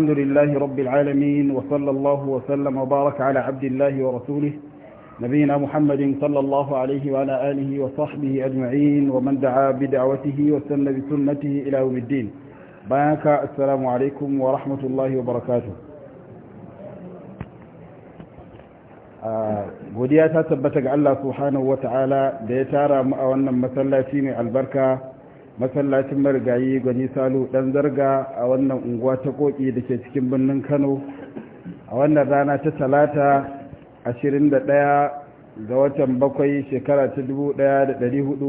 الحمد لله رب العالمين وصلى الله وسلم وبارك على عبد الله ورسوله نبينا محمد صلى الله عليه وعلى آله وصحبه أجمعين ومن دعا بدعوته وسن بسنته إلى يوم الدين بارك السلام عليكم ورحمة الله وبركاته godiya ta tabbata ga Allah subhanahu wata'ala da ya tara mu a wannan masallaci mai albarka masallacin marigayi gwani salu dan zarga a wannan unguwa ta koki da ke cikin birnin kano a wannan rana ta talata 21 ga watan bakwai shekara ta 1441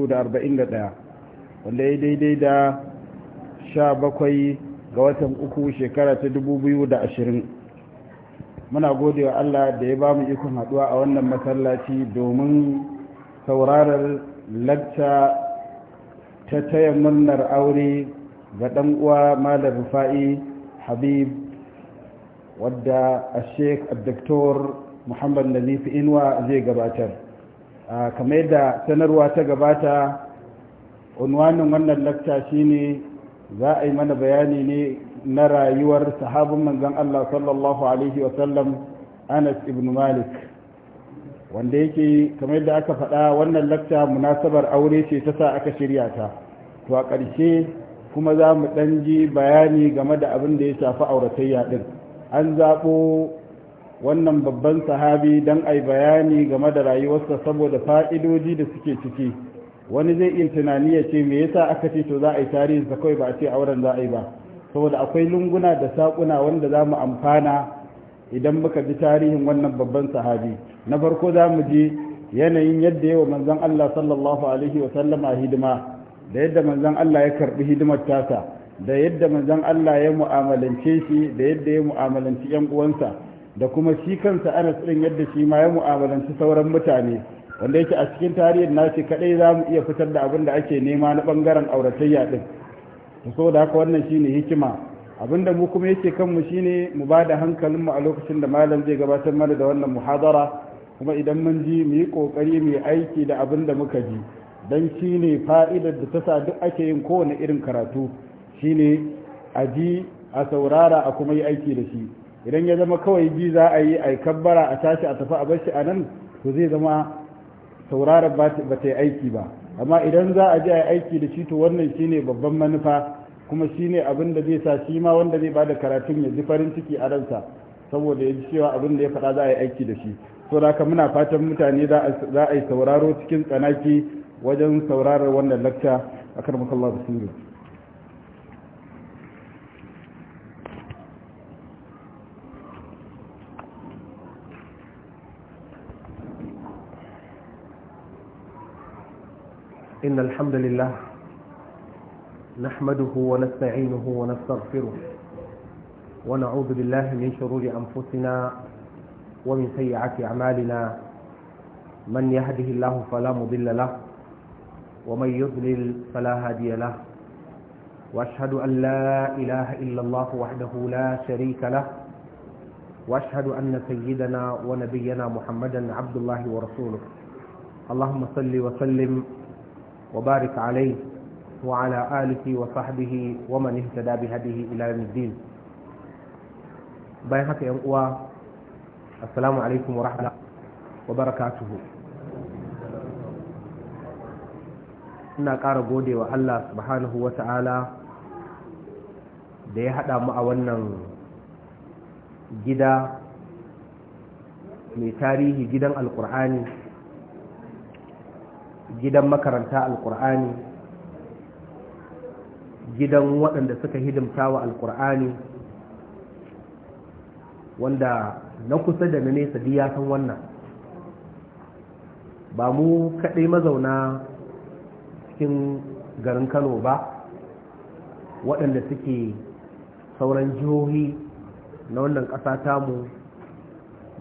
wanda ya daidai da 17 ga watan uku shekara ta 2020 muna gode wa allah da ya ba mu ikon haduwa a wannan masallaci domin sauraron lacca ta taya murnar aure ga ɗan uwa malam rufa'i habib wadda a sheik abdoktor muhammad nazif inuwa zai gabatar kamar yadda sanarwa ta gabata unwanin wannan lakta shine za a yi mana bayani ne na rayuwar sahabin manzan allah sallallahu alaihi wasallam anas ibn malik wanda yake kamar yadda aka faɗa wannan lakta munasabar aure ce ta sa aka shirya ta to a ƙarshe kuma za mu ɗan ji bayani game da abin da ya shafi auratayya ɗin an zaɓo wannan babban sahabi don a bayani game da rayuwarsa saboda fa'idoji da suke ciki wani zai iya tunani ya ce me yasa aka ce to za a yi tarihinsa kawai ba a ce auren za a yi ba saboda akwai lunguna da saƙuna wanda za mu amfana idan muka bi tarihin wannan babban sahabi na farko za mu ji yanayin yadda yawa manzan Allah sallallahu alaihi wa sallama hidima da yadda manzan Allah ya karɓi hidimar tasa da yadda manzan Allah ya mu'amalance shi da yadda ya mu'amalanci yan uwansa da kuma shi kansa Anas din yadda shi ma ya mu'amalanci sauran mutane wanda yake a cikin tarihin nashi kadai za mu iya fitar da abin da ake nema na bangaren auratayya din saboda haka wannan shine hikima da mu kuma yake kanmu shine mu ba da hankalinmu a lokacin da malam zai gabatar mana da wannan muhadara kuma idan mun ji mu yi kokari mu yi aiki da abin da muka ji dan shine fa'idar da ta sa duk ake yin kowane irin karatu shine a ji a saurara a kuma yi aiki da shi idan ya zama kawai ji za a yi a kabbara a tashi a tafi a bar shi a nan to zai zama saurara ba ta yi aiki ba amma idan za a ji a yi aiki da shi to wannan shine babban manufa kuma shi ne abin da zai sa shi ma wanda zai bada karatun ya ji farin ciki a ransa saboda ya ji cewa abin da ya faɗa za a yi aiki da shi so da haka muna fatan mutane za a yi sauraro cikin tsanaki wajen saurarar wannan lakta a Allah bismillah إن الحمد لله نحمده ونستعينه ونستغفره ونعوذ بالله من شرور أنفسنا ومن سيئات أعمالنا من يهده الله فلا مضل له ومن يضلل فلا هادي له وأشهد أن لا إله إلا الله وحده لا شريك له وأشهد أن سيدنا ونبينا محمدا عبد الله ورسوله اللهم صل وسلم وبارك عليه وعلى آله وصحبه ومن اهتدى بهديه إلى يوم الدين باي حكي السلام عليكم ورحمة وبركاته ina ƙara gode wa Allah subhanahu wa ta'ala da ya haɗa mu a wannan gida mai tarihi gidan alƙur'ani gidan makaranta alƙur'ani gidan waɗanda suka hidimta wa Alƙur'ani, wanda na kusa da na nesa ya san wannan ba mu kaɗai mazauna cikin garin kano ba waɗanda suke sauran jihohi na wannan ƙasa tamu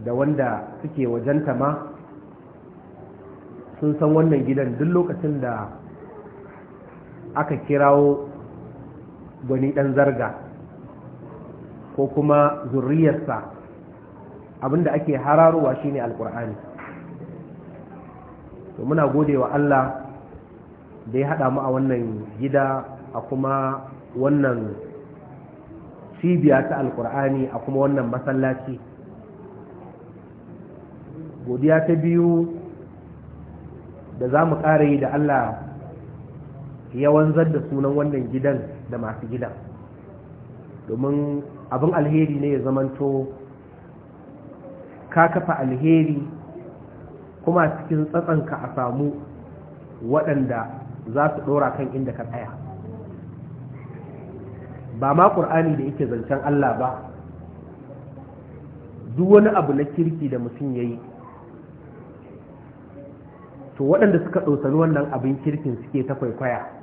da wanda suke wajenta ma sun san wannan gidan duk lokacin da aka kirawo gwani ɗan zarga ko kuma zurriyarsa abinda ake hararowa shine alkur'ani to muna gode wa Allah da ya haɗa mu a wannan gida a kuma wannan cibiya ta alkur'ani a kuma wannan masallaci godiya ta biyu da za mu ƙara yi da Allah ya wanzar da sunan wannan gidan da masu gidan domin abin alheri ne ya zamanto ka kafa alheri kuma cikin tsatsanka a samu waɗanda za su ɗora kan inda ka tsaya ba ma ƙur'ani da yake zancen Allah ba duk wani abu na kirki da mutum ya yi to waɗanda suka ɗosani wannan abin kirkin suke ta kwaikwaya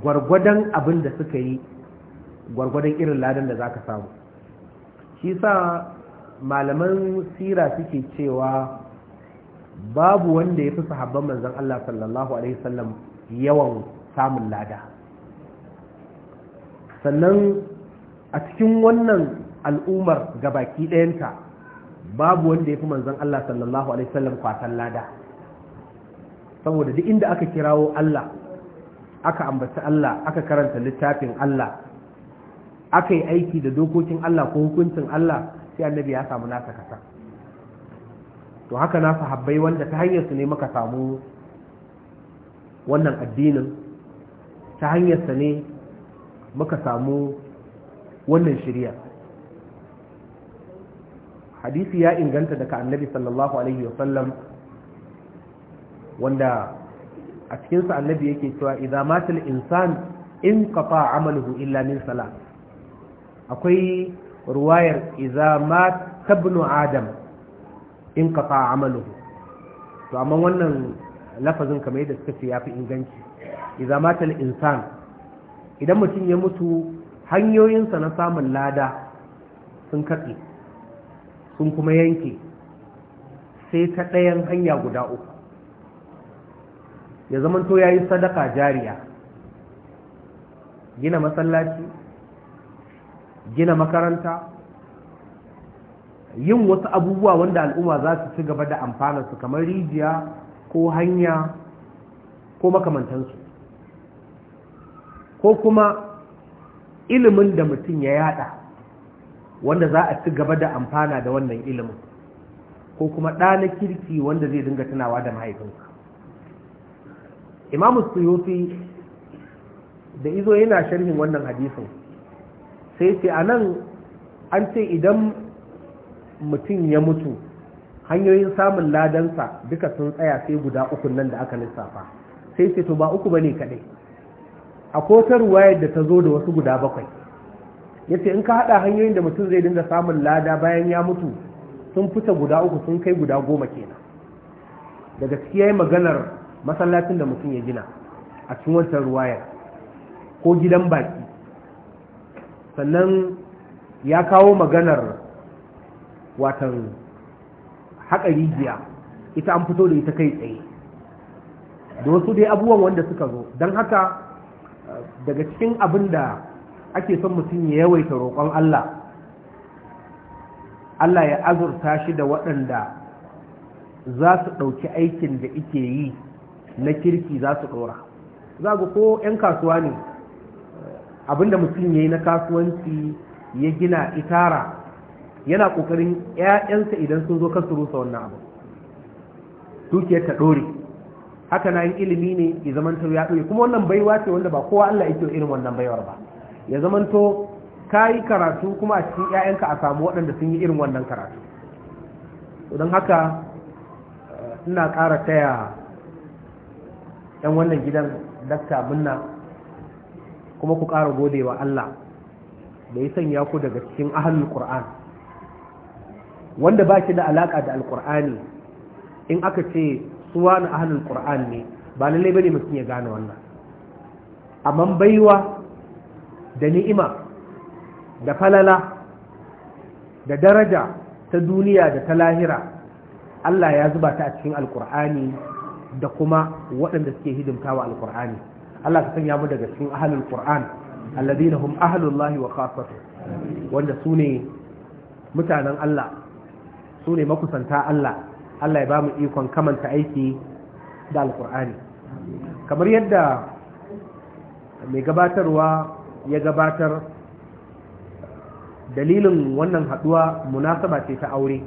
gwargwadon abin da suka yi gwargwadon irin ladan da za ka samu shi sa malaman sira suke cewa babu wanda ya fi sahabban manzan Allah sallallahu Alaihi wasallam yawan samun lada sannan a cikin wannan al'ummar baki ɗayanta babu wanda ya fi manzan Allah sallallahu Alaihi wasallam kwatan lada saboda duk inda aka kirawo Allah aka ambaci Allah aka karanta littafin Allah aka yi aiki da dokokin Allah ko hukuncin Allah sai annabi ya samu nasa kasa to haka na sahabbai wanda ta hanyar su ne muka samu wannan addinin ta hanyar sa ne muka samu wannan shirya hadisi ya inganta daga annabi sallallahu alaihi wasallam wanda a cikin sa annabi yake cewa idza matal insan in qata amaluhu illa min sala. akwai ruwayar idza mat ibnu adam in qata amaluhu to amma wannan lafazin kamar yadda suka ce yafi inganci idza matal insan idan mutum ya mutu hanyoyinsa na samun lada sun katse sun kuma yanke sai ta ɗayan hanya guda uku ya zamanto ya yi sadaka jariya gina masallaci gina makaranta yin wasu abubuwa wanda al'umma za su ci gaba da amfanarsu kamar rijiya ko hanya ko makamantansu ko kuma ilimin da mutum ya yada wanda za a ci gaba da amfana da wannan ilimin ko kuma ɗana kirki wanda zai dinga tunawa da mahaifinsa imamu suyuti da izo yana sharhin wannan hadisin sai ce a nan an ce idan mutum ya mutu hanyoyin samun ladansa duka sun tsaya sai guda uku nan da aka lissafa sai ce to ba uku ba ne kaɗai a kotar wayar da ta zo da wasu guda bakwai ya ce in ka haɗa hanyoyin da mutum zai dinga samun lada bayan ya mutu sun fita guda uku sun kai guda goma kenan daga ciki ya yi maganar masallacin da mutum ya gina a cikin wancan ruwayar ko gidan baki sannan ya kawo maganar watan haƙa rijiya ita an fito da ita kai tsaye da wasu dai abubuwan wanda suka zo don haka daga cikin abin da ake son mutum ya yawaita roƙon Allah Allah ya azurta shi da waɗanda za su ɗauki aikin da ike yi na kirki za su ɗora za ku ko 'yan kasuwa ne abinda mutum ya yi na kasuwanci ya gina itara yana ƙoƙarin 'ya'yansa idan sun zo kasu rusa wannan abu dukiyar ta ɗore haka na yin ilimi ne ya zamanto ya ɗore kuma wannan baiwa ce wanda ba kowa Allah yake irin wannan baiwar ba ya zamanto ka yi karatu kuma a cikin 'ya'yanka a samu waɗanda sun yi irin wannan karatu don haka ina ƙara taya 'yan wannan gidan dakta munna kuma ku ƙara gode wa Allah da ya sanya ku daga cikin ahalul Qur'an wanda ba shi da alaƙa da alƙur'ani in aka ce suwa na ahalul Qur'an ne ba na bane mutum ya gane wannan amma baiwa da ni'ima da falala da daraja ta duniya da ta lahira Allah ya zuba ta a cikin alkur'ani da kuma waɗanda suke hidimta wa Alƙur'ani. Allah ka sanya mu daga cikin ahlul qur'an alladhina hum ahlullahi wa khassatu wanda su ne mutanen Allah su ne makusanta Allah Allah ya ba mu ikon kamanta aiki da alqur'ani kamar yadda mai gabatarwa ya gabatar dalilin wannan haduwa munasaba ce ta aure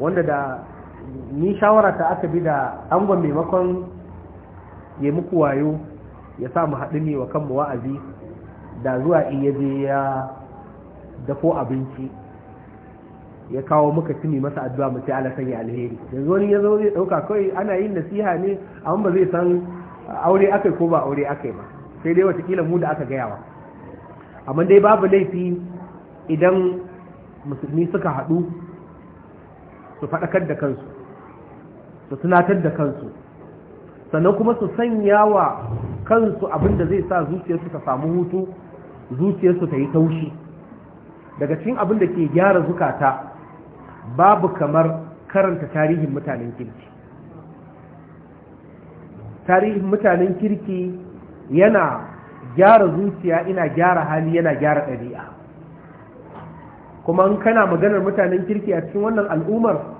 wanda da ni shawara ta aka bi da angon maimakon ya muku wayo ya sa mu haɗu ne wa kanmu wa'azi da zuwa iya je ya dafo abinci ya kawo muka tuni masa addu'a mu sai Allah sanya alheri yanzu wani ya zo zai dauka kai ana yin nasiha ne amma ba zai san aure akai ko ba aure akai ba sai dai watakila mu da aka gaya gayawa amma dai babu laifi idan musulmi suka haɗu su faɗakar da kansu su tunatar da kansu sannan kuma su sanya wa kansu abin da zai sa zuciyarsu ta samu hutu zuciyarsu ta yi taushi daga cikin abin da ke gyara zukata babu kamar karanta tarihin mutanen kirki tarihin mutanen kirki yana gyara zuciya ina gyara hali yana gyara ɗabi'a kuma kana maganar mutanen kirki a cikin wannan al'ummar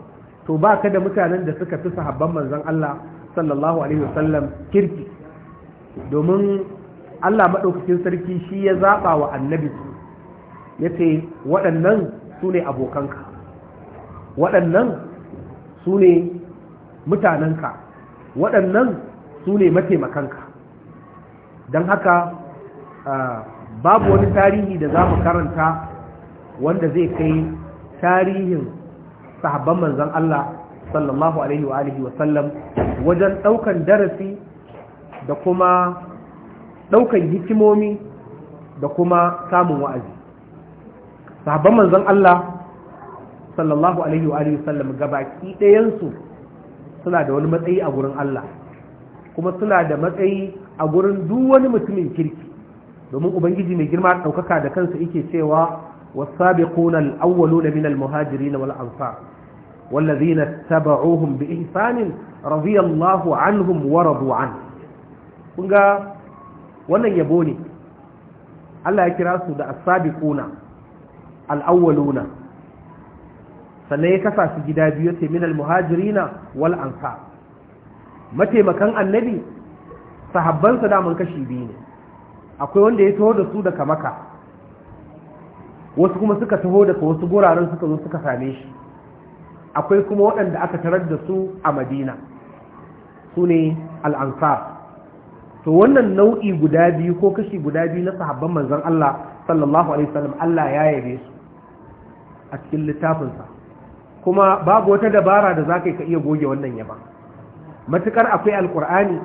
to ba ka da mutanen da suka fi sahabban manzon Allah sallallahu alaihi wasallam kirki domin Allah maɗaukacin sarki shi ya zaɓa wa annabi ya ce waɗannan su ne abokanka waɗannan su ne mutanenka waɗannan su ne mataimakanka don haka babu wani tarihi da za mu karanta wanda zai kai tarihin sahabban manzan Allah sallallahu alaihi wa alihi wa sallam wajen ɗaukan darasi da kuma ɗaukan hikimomi da kuma samun wa'azi sahabban manzan Allah sallallahu alaihi wa alihi wa sallam gabaki ɗayan suna da wani matsayi a gurin Allah kuma suna da matsayi a gurin duk wani mutumin kirki domin ubangiji mai girma ɗaukaka da kansa yake cewa wasabiquna al-awwaluna min al muhajiri na ansar والذين اتبعوهم بإحسان رضي الله عنهم ورضوا عنه kunga wannan yabo ne Allah ya kira su da as-sabiquna al-awwaluna sannan ya kasa su gida biyu sai min al-muhajirina wal ansar mataimakan annabi sahabban su da mun kashi biyu ne akwai wanda ya taho da su daga maka wasu kuma suka taho daga wasu guraren suka zo suka same shi akwai kuma waɗanda aka tarar da su a madina su ne al'ansar to wannan nau'i guda biyu ko kashi guda biyu na sahabban manzan Allah sallallahu alaihi wasallam Allah ya yabe su a cikin littafinsa kuma babu wata dabara da zaka ka iya goge wannan yaba matukar akwai Alƙur'ani,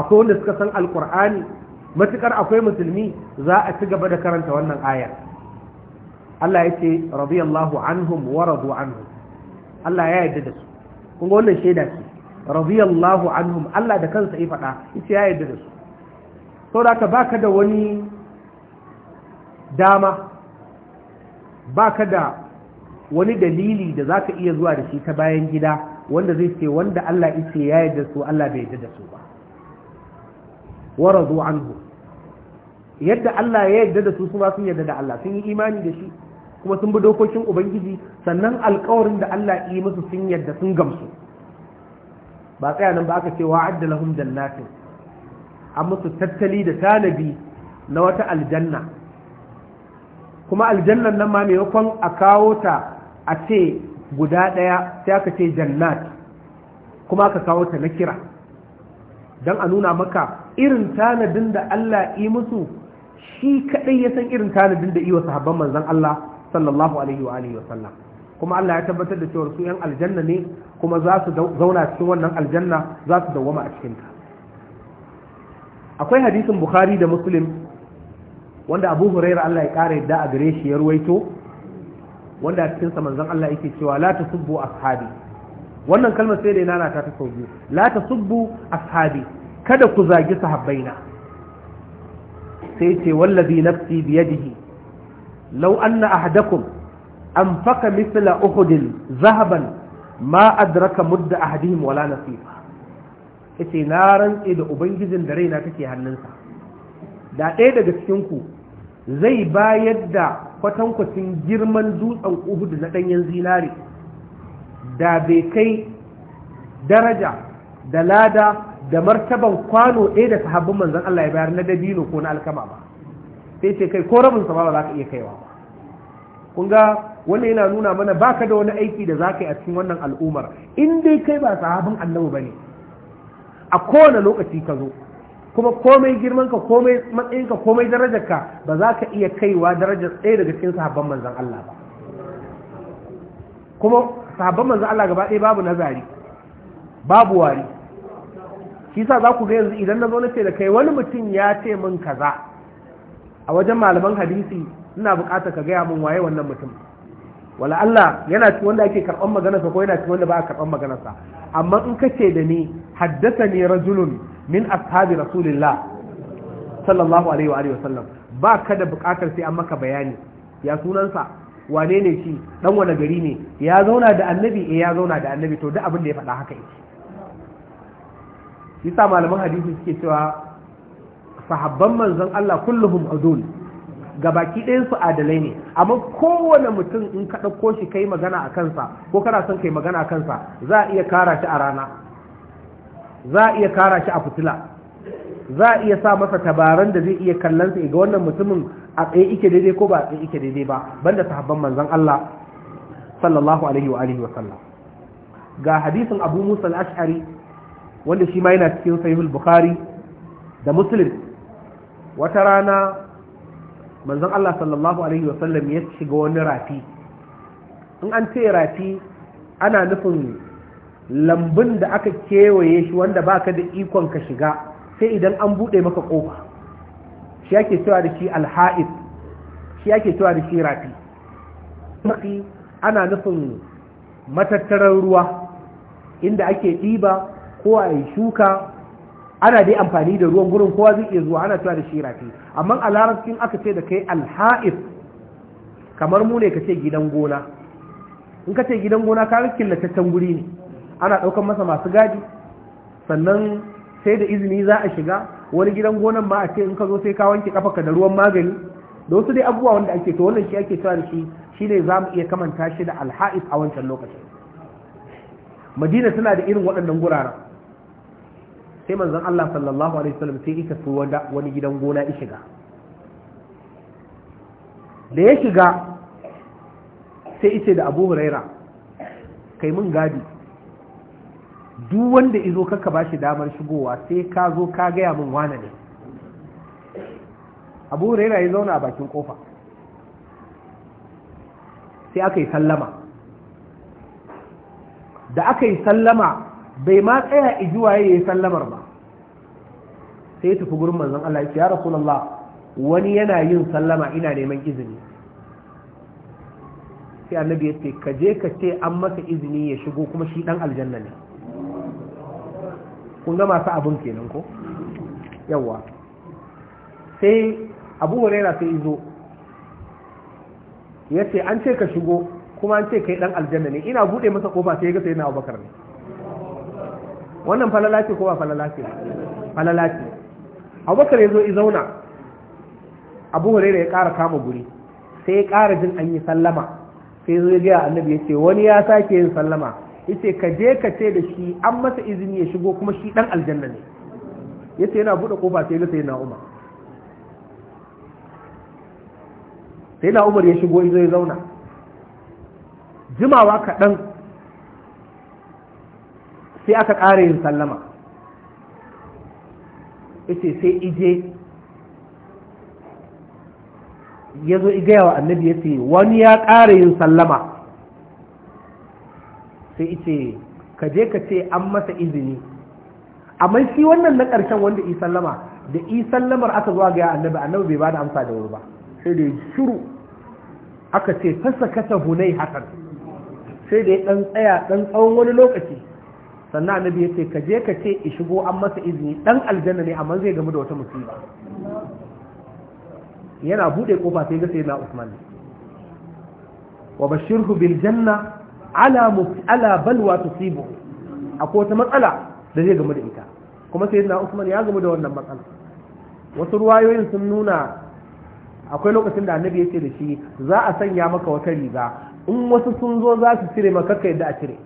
akwai wanda suka san Alƙur'ani, matukar akwai musulmi za a ci gaba da karanta wannan aya Allah ya ce radiyallahu anhum wa radu anhum Allah ya yarda da su kun ga wannan shaida ce radiyallahu anhum Allah da kansa ya faɗa ita ya yarda da su saboda ka baka da wani dama baka da wani dalili da zaka iya zuwa da shi ta bayan gida wanda zai ce wanda Allah ita ya yarda su Allah bai yarda da su ba waradu anhu yadda Allah ya yarda da su su sun yarda da Allah sun yi imani da shi kuma sun bi dokokin ubangiji sannan alkawarin da Allah yi musu sun yadda sun gamsu ba tsaya nan ba aka ce wa adda lahum jannatin an musu tattali da tanabi na wata aljanna kuma aljannan nan ma maimakon a kawo ta a ce guda ɗaya sai aka ce jannat kuma aka kawo ta na kira don a nuna maka irin tanadin da Allah yi musu shi kaɗai ya san irin tanadin da iya sahabban manzon Allah sallallahu alaihi wa alihi wasallam kuma Allah ya tabbatar da cewa su yan aljanna ne kuma za su zauna cikin wannan aljanna za su dawwama a cikin akwai hadisin bukhari da muslim wanda abu huraira Allah ya kara yadda a gare shi ya ruwaito wanda a cikin manzon Allah yake cewa la tasubbu ashabi wannan kalmar sai da nana ta ta biyu la tasubbu ashabi kada ku zagi sahabbaina sai ce wallazi nafsi biyadihi لو أن أحدكم أنفق مثل أحد ذهبا ما أدرك مد أحدهم ولا نصيفا yace na rantse da ubangijin da raina take hannunsa da ɗaya daga cikinku zai bayar da kwatankwacin girman dutsen uhud na ɗanyen zinare da bai kai daraja da lada da martaban kwano ɗaya da sahabbin manzan Allah ya bayar na dabino ko na alkama ba sai ce kai ko rabin ba za ka iya kaiwa ba kun ga wannan yana nuna mana baka da wani aiki da za ka yi a cikin wannan al'ummar in dai kai ba sahabin annabi ba ne a kowane lokaci ka zo kuma komai ka, komai matsayinka komai ka, ba za ka iya kaiwa darajar ɗaya daga cikin sahabban manzan Allah ba kuma sahabban manzan Allah gaba ɗaya babu nazari babu wari shi sa za ku ga yanzu idan na zo na ce da kai wani mutum ya ce min kaza a wajen malaman hadisi ina bukata ka gaya min waye wannan mutum wala Allah yana cikin wanda ake karɓar maganarsa ko yana cikin wanda ba a karɓar maganarsa amma in ka ce da ni haddasa ne rajulun min ashabi rasulillah sallallahu alaihi wa alihi sallam ba ka da bukatar sai an maka bayani ya sunansa wane ne shi dan wani gari ne ya zauna da annabi eh ya zauna da annabi to duk abin da ya faɗa haka yake yasa malaman hadisi suke cewa sahabban manzon Allah kulluhum adul gabaki ɗayan su adalai ne amma kowane mutum in ka ɗauko shi kai magana a kansa ko kana son kai magana a kansa za a iya kara shi a rana za a iya kara shi a fitila za a iya sa masa tabaran da zai iya kallon sa ga wannan mutumin a tsaye ike daidai ko ba a tsaye ike daidai ba banda sahabban manzon Allah sallallahu alaihi wa alihi wa sallam ga hadisin Abu Musa al-Ash'ari wanda shi ma yana cikin Sahihul Bukhari da Muslim wata rana manzon Allah sallallahu alaihi wasallam ya shiga wani rafi in an ce rafi ana nufin lambun da aka kewaye shi wanda baka da ikon ka shiga sai idan an bude maka kofa shi yake cewa da shi alha'id shi yake cewa da shi rafi mafi ana nufin matattarar ruwa inda ake ɗiba ko a shuka ana dai amfani da ruwan gurin kowa zai iya zuwa ana cewa da shi rafi amma a larabcin aka ce da kai alha'if kamar mu ne ka ce gidan gona in ka ce gidan gona ka lataccen guri ne ana ɗaukar masa masu gadi sannan sai da izini za a shiga wani gidan gona ma a ce in ka zo sai ka wanke kafarka da ruwan magani da wasu dai abubuwa wanda ake to wannan shi ake cewa da shi shine za mu iya kamanta shi da alha'if a wancan lokacin madina tana da irin waɗannan guraren sai manzon Allah sallallahu alaihi wasallam sai ita su wani gidan gona ya shiga da ya shiga sai ice da Abu Huraira kai mun gadi duk wanda izo kaka bashi damar shigowa sai ka zo ka gaya mun wane ne Abu Huraira ya zauna a bakin kofa sai aka yi sallama da aka yi sallama bai ma tsaya izuwa ya yi sallamar ba sai ya tafi gurin manzon Allah ya ce ya rasulullah wani yana yin sallama ina neman izini sai annabi ya ce ka je ka ce an masa izini ya shigo kuma shi dan aljanna ne kun ga masu abin kenan ko yawa sai abu huraira sai izo ya ce an ce ka shigo kuma an ce kai dan aljanna ne ina bude masa kofa sai ya ga sai na abubakar ne wannan falala ce ko ba falala ce falala ce abubakar ya zo i zauna abu hurairu ya ƙara kama guri sai ya ƙara jin an yi sallama sai zo ya gaya annabi ya ce wani ya sake yin sallama ce ka je ka ce da shi an masa izini ya shigo kuma shi dan aljanna ne yace yana buɗe kofa sai ya na umar sai na umar ya shigo ya zauna jimawa kaɗan sai aka ƙara yin sallama yace sai ije ya zo igaya wa annabi ya ce wani ya ƙara yin sallama sai ice ka je ka ce an masa izini amma shi wannan na ƙarshen wanda yi sallama da yi sallamar aka zuwa ga annabi annabi bai ba da amsa da wuri ba sai da shuru aka ce fasa kasa hunai hakan sai da ya ɗan tsaya ɗan tsawon wani lokaci sannan annabi ya ce ka je ka ce i shigo an masa izini dan aljanna ne amma zai gamu da wata musiba yana bude kofa sai ga sayyidina Usman wa bashirhu bil janna ala ala balwa tusibu akwai wata matsala da zai gamu da ita kuma sayyidina Usman ya gamu da wannan matsala wasu ruwayoyin sun nuna akwai lokacin da annabi ya ce da shi za a sanya maka wata riga in wasu sun zo za su cire maka kai da a cire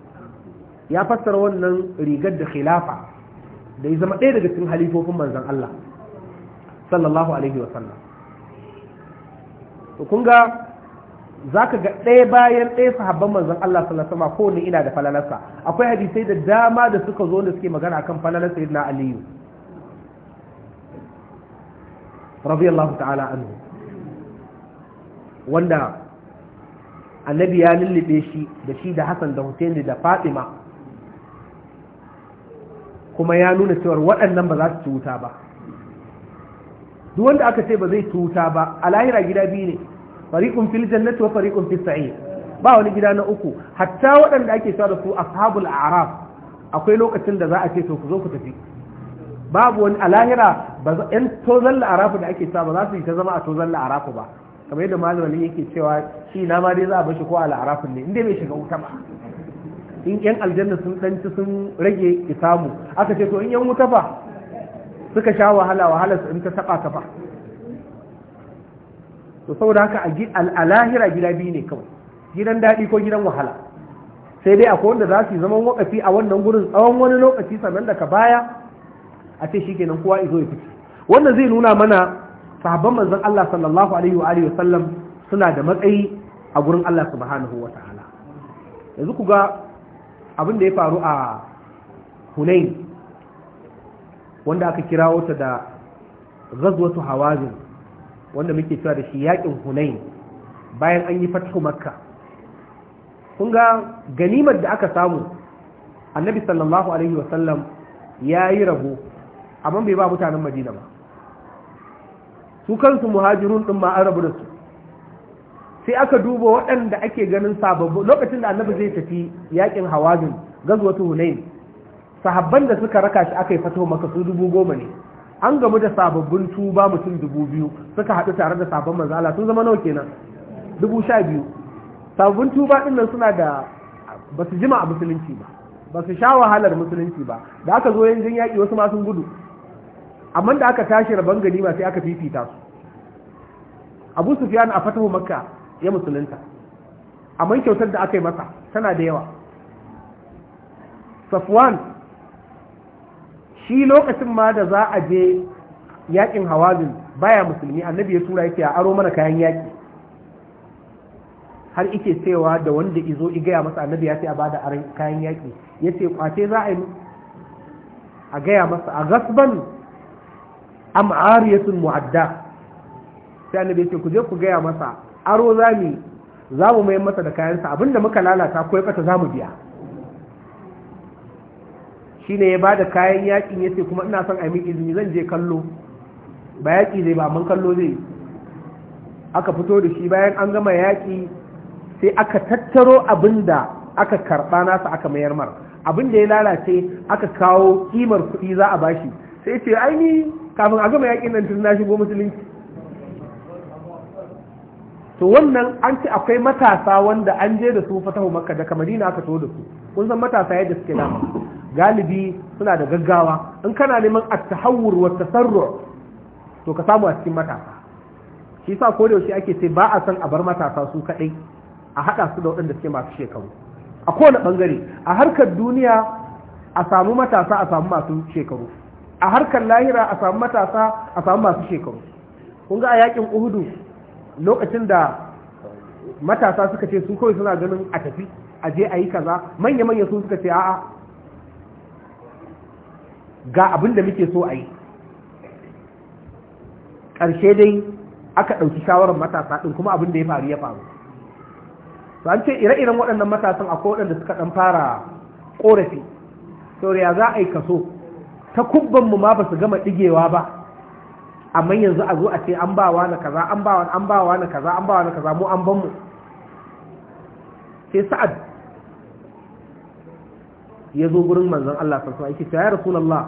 ya fassara wannan rigar da khilafa da ya zama ɗaya daga cikin halifofin manzan Allah sallallahu alaihi wa sallam to kun ga zaka ga ɗaya bayan ɗaya sahabban manzan Allah sallallahu alaihi wa sallam kowanne ina da falalarsa akwai hadisai da dama da suka zo da suke magana akan falalar sayyidina Aliyu radiyallahu ta'ala anhu wanda annabi ya lullube shi da shi da Hassan da Hussein da Fatima kuma ya nuna cewar waɗannan ba za su ci wuta ba duk wanda aka ce ba zai ci wuta ba a lahira gida biyu ne Fariƙun fil jannati wa fariƙun fis ba wani gida na uku hatta waɗanda ake cewa da su ashabul a'raf akwai lokacin da za a ce to ku zo ku tafi babu wani a lahira ba yan tozan la'arafu da ake cewa ba za su yi ta zama a tozan la'arafu ba kamar yadda malamin yake cewa shi na ma dai za a bashi ko a la'arafin ne inda bai shiga wuta ba in yan aljanna sun danci sun rage isamu aka ce to in yan wuta fa suka sha wahala wahala su in ta taɓa ta ba to saboda haka a lahira gida biyu ne kawai gidan daɗi ko gidan wahala sai dai akwai wanda za su yi zaman wakafi a wannan gurin tsawon wani lokaci sannan daga baya a ce shi kenan kowa izo ya fice wannan zai nuna mana sahabban manzon Allah sallallahu alaihi wa alihi wasallam suna da matsayi a gurin Allah subhanahu wa ta'ala yanzu ku ga abin da ya faru a hunain wanda aka kirawo ta da ghazwatu hawazin wanda muke cewa da shi yakin hunain bayan an yi fathu makka kun ga ganimar da aka samu annabi sallallahu alaihi wasallam ya yi rabo amma bai ba mutanen madina ba su kansu muhajirun din ma an rabu da su sai aka duba waɗanda ake ganin sababbi lokacin da annabi zai tafi yakin hawazin gazwatu hunain sahabban da suka raka shi aka yi fatawa maka su dubu goma ne an gamu da sababbin tuba mutum dubu biyu suka haɗu tare da sabon manzala sun zama nawa kenan dubu sha biyu sababbin tuba ɗin nan suna da ba su jima a musulunci ba ba su sha wahalar musulunci ba da aka zo yanzu yaƙi wasu ma sun gudu amma da aka tashi rabon ganima sai aka fifita su abu sufyan a fatahu makka ya musulunta amma kyautar da aka yi masa tana da yawa safwan shi lokacin ma da za a je yakin hawazin baya musulmi annabi ya tura yake a aro mana kayan yaki har ike cewa da wanda izo igaya masa annabi ya ce a bada aran kayan yaki ya ce kwace za a yi a gaya masa a gasban am mu'adda sai annabi ya ce ku je ku gaya masa aro za mu za mu mayan masa da kayansa abinda muka lalata ko ya kata za mu biya shi ne ya ba da kayan yakin ya ce kuma ina son abin izini zan je kallo ba yaƙi zai ba mun kallo zai aka fito da shi bayan an gama yaƙi sai aka tattaro abinda aka karɓa nasa aka mayar mar abinda ya lalace aka kawo kimar kuɗi za a bashi sai ce ni kafin a gama yaƙin nan tun na shigo musulunci to wannan an ce akwai matasa wanda an je da su fatahu makka daga madina aka to da su kun san matasa yadda suke da? galibi suna da gaggawa in kana neman a tahawur wa tasarru to ka samu a cikin matasa shi sa ko da yaushe ake ce ba a san a bar matasa su kadai a haɗa su da waɗanda suke masu shekaru a kowane ɓangare a harkar duniya a samu matasa a samu masu shekaru a harkar lahira a samu matasa a samu masu shekaru kun ga a yakin uhudu lokacin da matasa suka ce su kawai suna ganin a tafi a je a yi kaza manya-manya su suka ce a'a ga abin da muke so a yi ƙarshe dai aka ɗauki shawarar matasa ɗin kuma abin da ya faru ya faru su an ce ire-iren waɗannan matasan akwai waɗanda suka ɗan fara ƙorafi sauriya za a yi kaso ta kubbanmu ma ba su gama ɗigewa ba amma yanzu a zo a ce an bawa na kaza an bawa an bawa na kaza an bawa na kaza mu an ban mu sai sa'ad ya zo gurin manzon Allah sallallahu alaihi wasallam ya rasulullah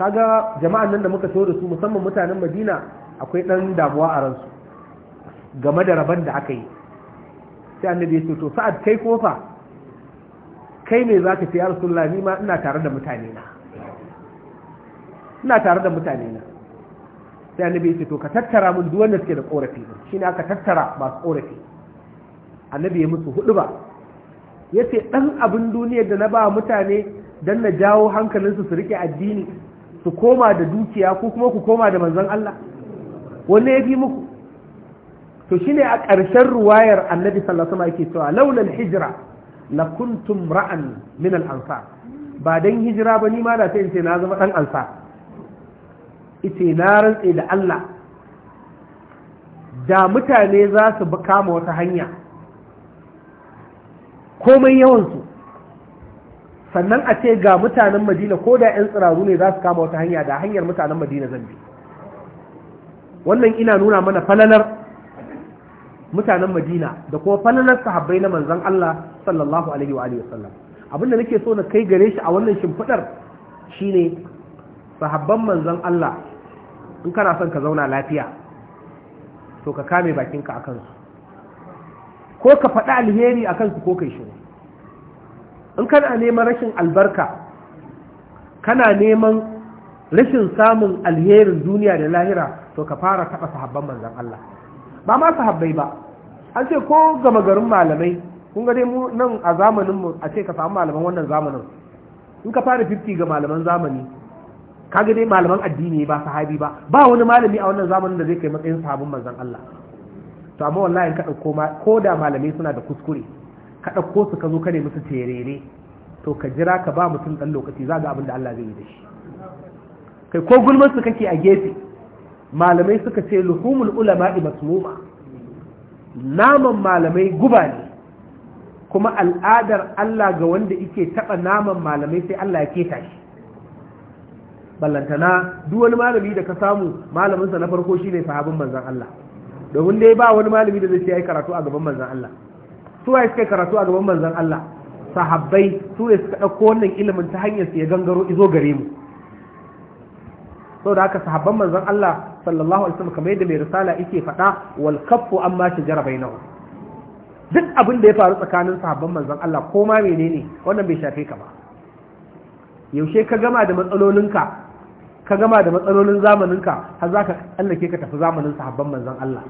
kaga jama'an nan da muka so da su musamman mutanen Madina akwai dan damuwa a ransu game da raban da aka yi sai annabi ya ce to sa'ad kai kofa kai ne zaka ce ya rasulullah ni ma ina tare da mutane na ina tare da mutane na sai annabi ya ce to ka tattara mun duk wanda suke da korafi shine aka tattara masu korafi annabi ya musu hudu ba yace dan abin duniyar da na ba mutane dan na jawo hankalinsu su rike addini su koma da dukiya ko kuma ku koma da manzon Allah wanne ya fi muku to shine a ƙarshen ruwayar annabi sallallahu alaihi wasallam yake cewa laulal hijra la kuntum ra'an min al ansar ba dan hijira ba ni ma da sai in ce na zama ɗan ansar ita na rantse da Allah da mutane za su kama wata hanya komai yawansu sannan a ce ga mutanen madina ko da 'yan tsiraru ne za su kama wata hanya da hanyar mutanen madina zambi wannan ina nuna mana falalar mutanen madina da kuma falalar sahabbai na manzan Allah sallallahu alaihi wa alihi wasallam abinda nake so na kai gare shi a wannan shimfidar shine sahabban manzan Allah in kana son ka zauna lafiya to ka kame bakinka a kansu ko ka faɗi alheri a kansu ko kai shiru in kana neman rashin albarka kana neman rashin samun alherin duniya da lahira to ka fara taɓa sahabban manzan Allah ba ma sahabbai ba an ce ko gama garin malamai kun ga dai mu nan a zamaninmu a ce ka samu malaman wannan zamanin in ka fara 50 ga malaman zamani kaga dai malaman addini ba sahabi ba ba wani malami a wannan zamanin da zai kai matsayin sabon manzon Allah to amma wallahi ka dauko ma ko da malamai suna da kuskure ka dauko su ka zo ka nemi musu terere to ka jira ka ba mutum dan lokaci za ga abin da Allah zai yi da shi kai ko gulman su kake a gefe malamai suka ce luhumul ulama masmuma naman malamai guba ne kuma al'adar Allah ga wanda yake taɓa naman malamai sai Allah ya keta shi ballantana duk wani malami da ka samu malaminsa na farko shi ne sahabin manzan Allah domin dai ba wani malami da zai ce yi karatu a gaban manzan Allah su waye suka karatu a gaban manzan Allah sahabbai su ne suka ɗauko wannan ilimin ta hanyar su ya gangaro izo gare mu saboda haka sahabban manzan Allah sallallahu alaihi wasallam kamar yadda mai risala yake faɗa wal kaffu amma jarabai nawa, duk abin da ya faru tsakanin sahabban manzan Allah ko ma menene wannan bai shafe ka ba yaushe ka gama da matsalolinka ka gama da matsalolin zamaninka har za ka tsallake ka tafi zamanin sahabban manzon Allah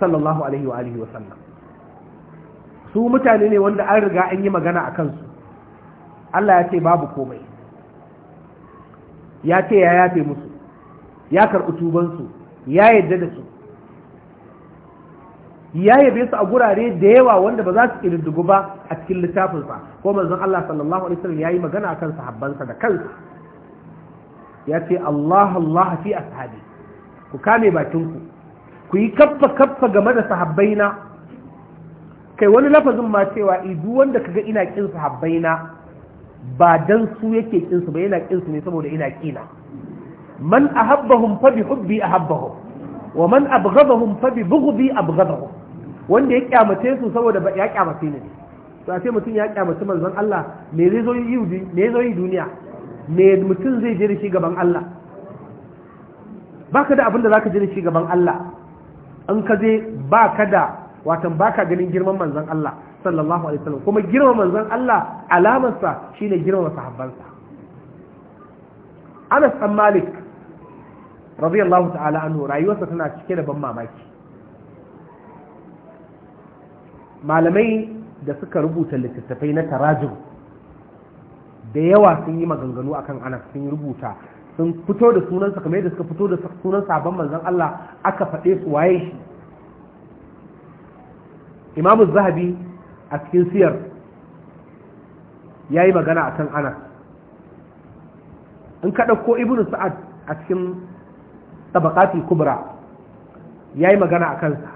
sallallahu alaihi wa alihi wa sallam su mutane ne wanda an riga an yi magana a kansu Allah ya ce babu komai ya ce ya yafe musu ya karɓi tubansu ya yadda da su ya yabe su a gurare da yawa wanda ba za su ƙididdigu ba a cikin littafinsa ko manzon Allah sallallahu alaihi wasallam ya yi magana a kansa habbansa da kansa ya ce Allah Allah fi ashabi ku kame bakinku ku yi kaffa kaffa game da sahabbaina kai wani lafazin ma cewa idu wanda kaga ina kin sahabbaina ba dan su yake kin su ba yana kin su ne saboda ina kina man ahabbahum fa bi hubbi ahabbahum wa man abghadahum fa bi bughdi abghadahum wanda ya kyamace su saboda ya kyamace ni to sai mutum ya kyamace manzon Allah me zai zo yi duniya me mutum zai je shi gaban Allah baka da abin da zaka je shi gaban Allah in ka je baka da watan baka ganin girman manzon Allah sallallahu alaihi wasallam kuma girman manzon Allah alamarsa shine girman sahabbansa Anas bin Malik radiyallahu ta'ala anhu rayuwarsa tana cike da ban mamaki malamai da suka rubuta littattafai na tarajum da yawa sun yi maganganu akan anas sun rubuta sun fito da sunansa kamar yadda suka fito da sunan sabon manzon Allah aka faɗe su waye shi imamu zahabi a cikin siyar ya yi magana a kan ana in kaɗa ko ibn sa'ad a cikin tabakati kubra ya yi magana a kansa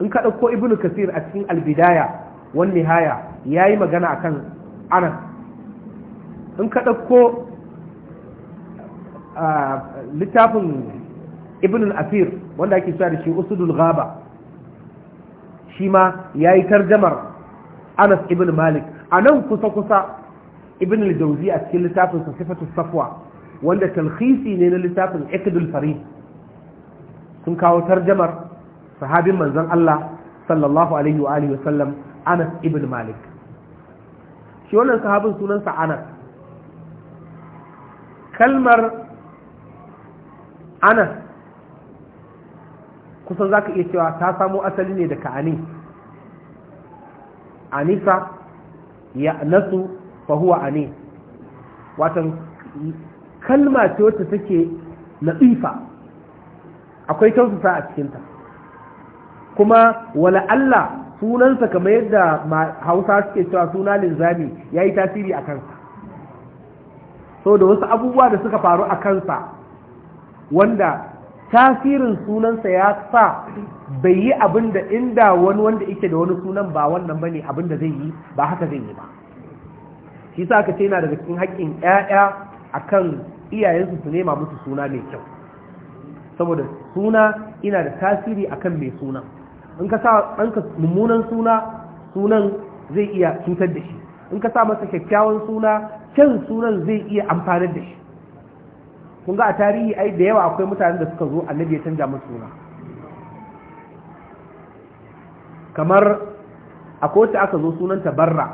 in kaɗa ko ibn kasir a cikin albidaya wani haya ya yi magana a kan anas in ka ɗauko littafin ibn al-asir wanda ake cewa da shi usudul ghaba shi ma yi tarjamar Anas ibn Malik a nan kusa kusa ibn al a cikin littafin sa safwa wanda talkhisi ne na littafin iqdul farid sun kawo tarjamar sahabin manzon Allah sallallahu alaihi wa sallam, Anas ibn Malik shi wannan sahabin sunansa Anas kalmar ana kusan za ka iya cewa ta samo asali ne daga ani anisa ya nasu fahuwa ani watan kalma ce wata take akwai tausasa a cikinta kuma wala Allah sunansa kamar yadda hausa suke cewa suna linzami ya yi tasiri a kansa saboda wasu abubuwa da suka faru a kansa wanda tasirin sunansa ya sa bai yi abin da inda wani wanda yake da wani sunan ba wannan bane abin da zai yi ba haka zai yi ba shi sa aka ce yana daga cikin haƙƙin ƴaƴa akan iyayensu su nema musu suna mai kyau saboda suna ina da tasiri akan mai suna in ka sa ka mummunan suna sunan zai iya cutar da shi in ka sa masa kyakkyawan suna kyan sunan zai iya amfanar da shi kun ga a tarihi ai da yawa akwai mutanen da suka zo annabi ya canja musu suna kamar akwai wacce aka zo sunanta barra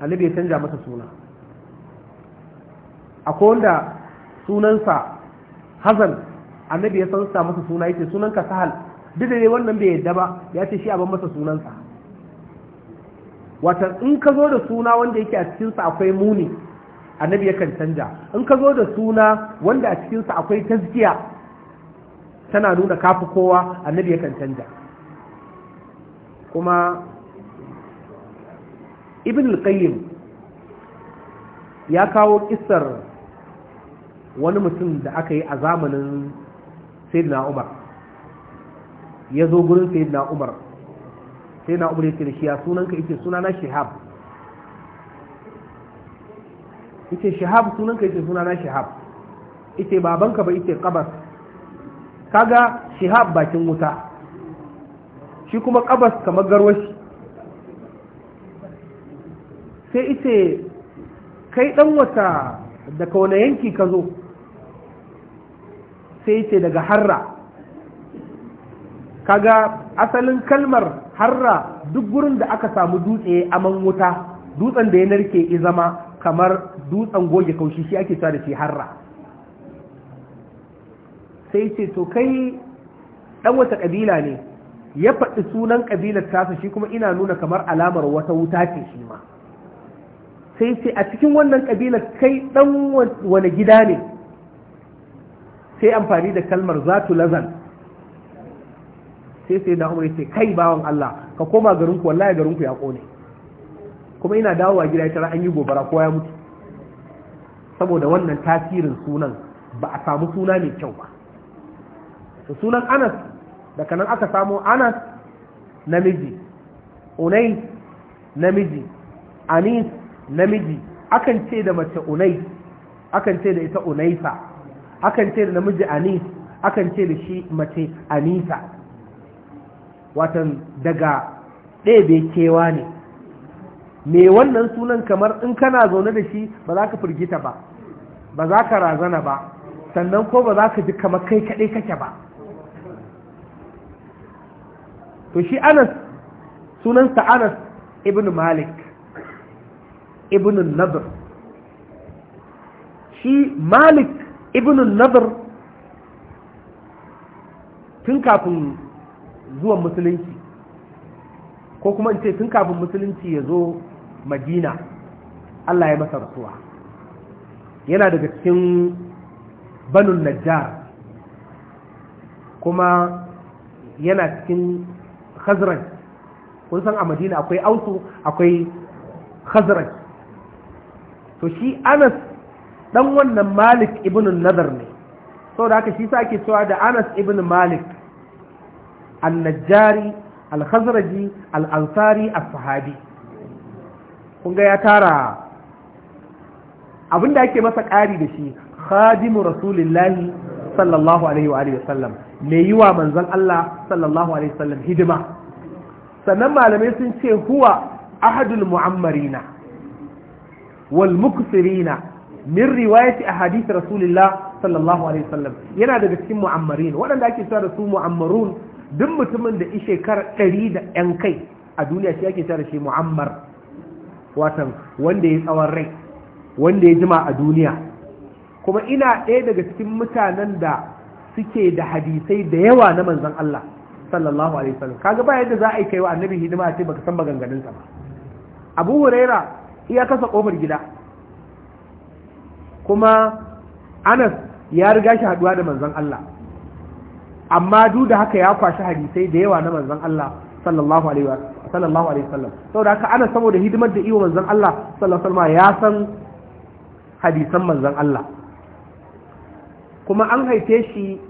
annabi ya canja masa suna akwai wanda sunansa hazan annabi ya sansa masa suna yace sunanka sahal duk da dai wannan bai yadda ba ya ce shi abin masa sunansa wata in ka zo da suna wanda yake a cikinsa akwai muni annabi yakan canja in ka zo da suna wanda a cikinsa akwai tazkiya tana nuna kafi kowa annabi yakan canja kuma ibn al-qayyim ya kawo kissar wani mutum da aka yi a zamanin sayyidina umar ya zo gurin sayyidina umar sai na umar yake da shi ya sunanka yake sunana shihab yake shihab sunanka yake sunana shihab yake babanka ba yake kabas kaga shihab bakin wuta shi kuma kabas kamar garwashi sai ita kai dan wata daga wani yanki ka zo sai yake daga harra kaga asalin kalmar harra duk gurin da aka samu dutse aman wuta dutsen da ya narke izama zama kamar dutsen goge kaushi shi ake cewa da shi harra sai ce to kai dan wata kabila ne ya faɗi sunan kabilar tasa shi kuma ina nuna kamar alamar wata wuta ce shi ma sai ce a cikin wannan kabilar kai dan wani gida ne sai amfani da kalmar zatu lazan sai sai na umar kai bawan Allah ka koma garin ku wallahi garin ku ya kone kuma ina dawowa gida ya an yi gobara ko ya mutu saboda wannan tasirin sunan ba a samu suna mai kyau ba to sunan Anas da kanan aka samu Anas namiji Unai namiji Anis namiji akan ce da mace Unai akan ce da ita Unaisa akan ce da namiji Anis akan ce da shi mace Anisa watan daga ɗebe kewa ne me wannan sunan kamar in kana zaune da shi ba za ka firgita ba ba za ka razana ba sannan ko ba za ka ji kamar kai kaɗai kake ba to shi anas sunansa anas ibn malik ibn nadr shi malik ibn nadr tun kafin zuwan musulunci ko kuma in ce tun kafin musulunci ya zo madina allah ya masa rasuwa yana daga cikin banin najjar kuma yana cikin khazraj kun san a madina akwai ausu akwai khazraj to shi anas dan wannan malik ibn nazar ne saboda haka shi sa ake cewa da anas ibn malik annajari alhazraji al'ansari as-sahabi kunga ya tara abinda ake masa ƙari da shi khadimu rasulillahi sallallahu alaihi wa sallam. wasallam mai yi wa manzan Allah sallallahu alaihi wa sallam hidima sannan malamai sun ce huwa ahadul mu'ammarina wal muksirina min riwayati ahadith rasulillah sallallahu alaihi wa sallam yana daga cikin mu'ammarin waɗanda ake cewa da su mu'ammarun duk mutumin da ishe kar ɗari da ‘yan kai a duniya shi ake tara shi mu'ammar watan wanda ya tsawon rai wanda ya jima a duniya kuma ina ɗaya daga cikin mutanen da suke da hadisai da yawa na manzan Allah sallallahu alaihi wasallam kaga ba yadda za a yi kai wa annabi hidima a ce baka san maganganun sa ba Abu Huraira iya kasa kofar gida kuma Anas ya riga shi haɗuwa da manzan Allah amma duk da haka ya kwashi hadisai da yawa na manzon Allah sallallahu alaihi sallallahu alaihi wasallam saboda haka ana saboda hidimar da iwa manzon Allah sallallahu alaihi wasallam ya san hadisan manzon Allah kuma an haife shi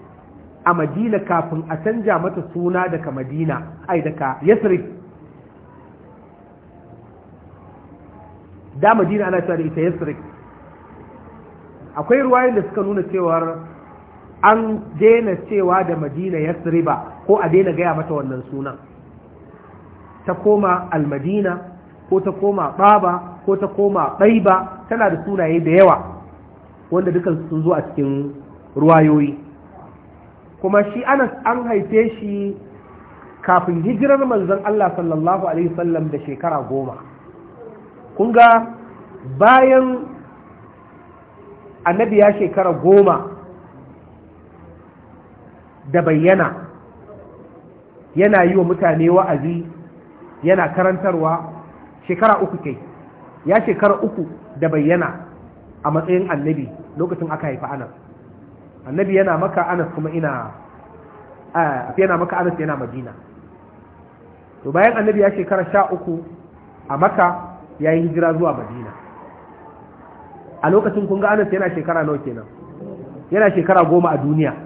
a Madina kafin a canja mata suna daga Madina ai daga Yathrib da Madina ana cewa da ita Yathrib akwai ruwayoyin da suka nuna cewar an daina cewa da madina yasriba ko a daina gaya mata wannan sunan ta koma almadina ko ta koma baba ko ta koma ɓaiba tana da sunaye da yawa wanda dukan sun zo a cikin ruwayoyi kuma shi anas an haife shi kafin hijirar manzon Allah sallallahu alaihi wasallam da shekara goma kun ga bayan annabi ya shekara goma da bayyana yana yi wa mutane wa'azi yana karantarwa shekara uku kai ya shekara uku da bayyana a matsayin annabi lokacin aka haifa anas annabi yana maka anas kuma ina yana maka anas yana madina to bayan annabi ya shekara sha uku a maka ya yi hijira zuwa madina a lokacin kun ga anas yana shekara nawa kenan yana shekara goma a duniya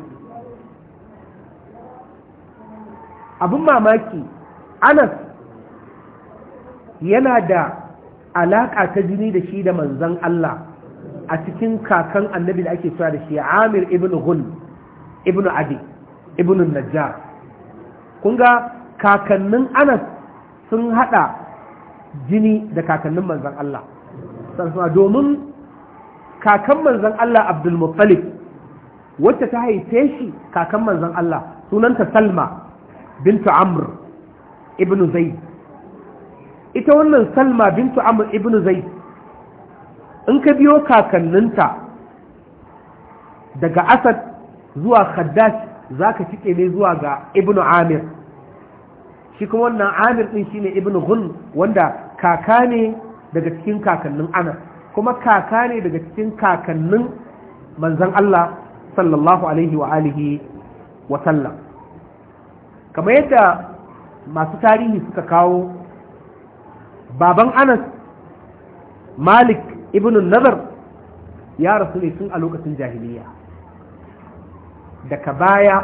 abin mamaki anas yana da alaƙa ta jini da shi da manzan Allah a cikin kakan annabi da ake cewa da shi amir ibn hul ibn adi ibn najjar kun ga kakannin anas sun hada jini da kakannin manzan Allah domin kakan manzan Allah abdulmuttalib wacce ta haife shi kakan manzan Allah sunanta salma bintu amr ibn zaid ita wannan salma bintu amr ibn zaid in ka biyo kakanninta daga asad zuwa khaddas za ka cike ne zuwa ga ibn amir shi kuma wannan amir ɗin shine ibn hun wanda kaka ne daga cikin kakannin ana kuma kaka ne daga cikin kakannin manzan Allah sallallahu alaihi wa alihi wa sallam kamar yadda masu tarihi suka kawo baban anas malik ibn nazar ya rasu ne tun a lokacin jahiliya daga baya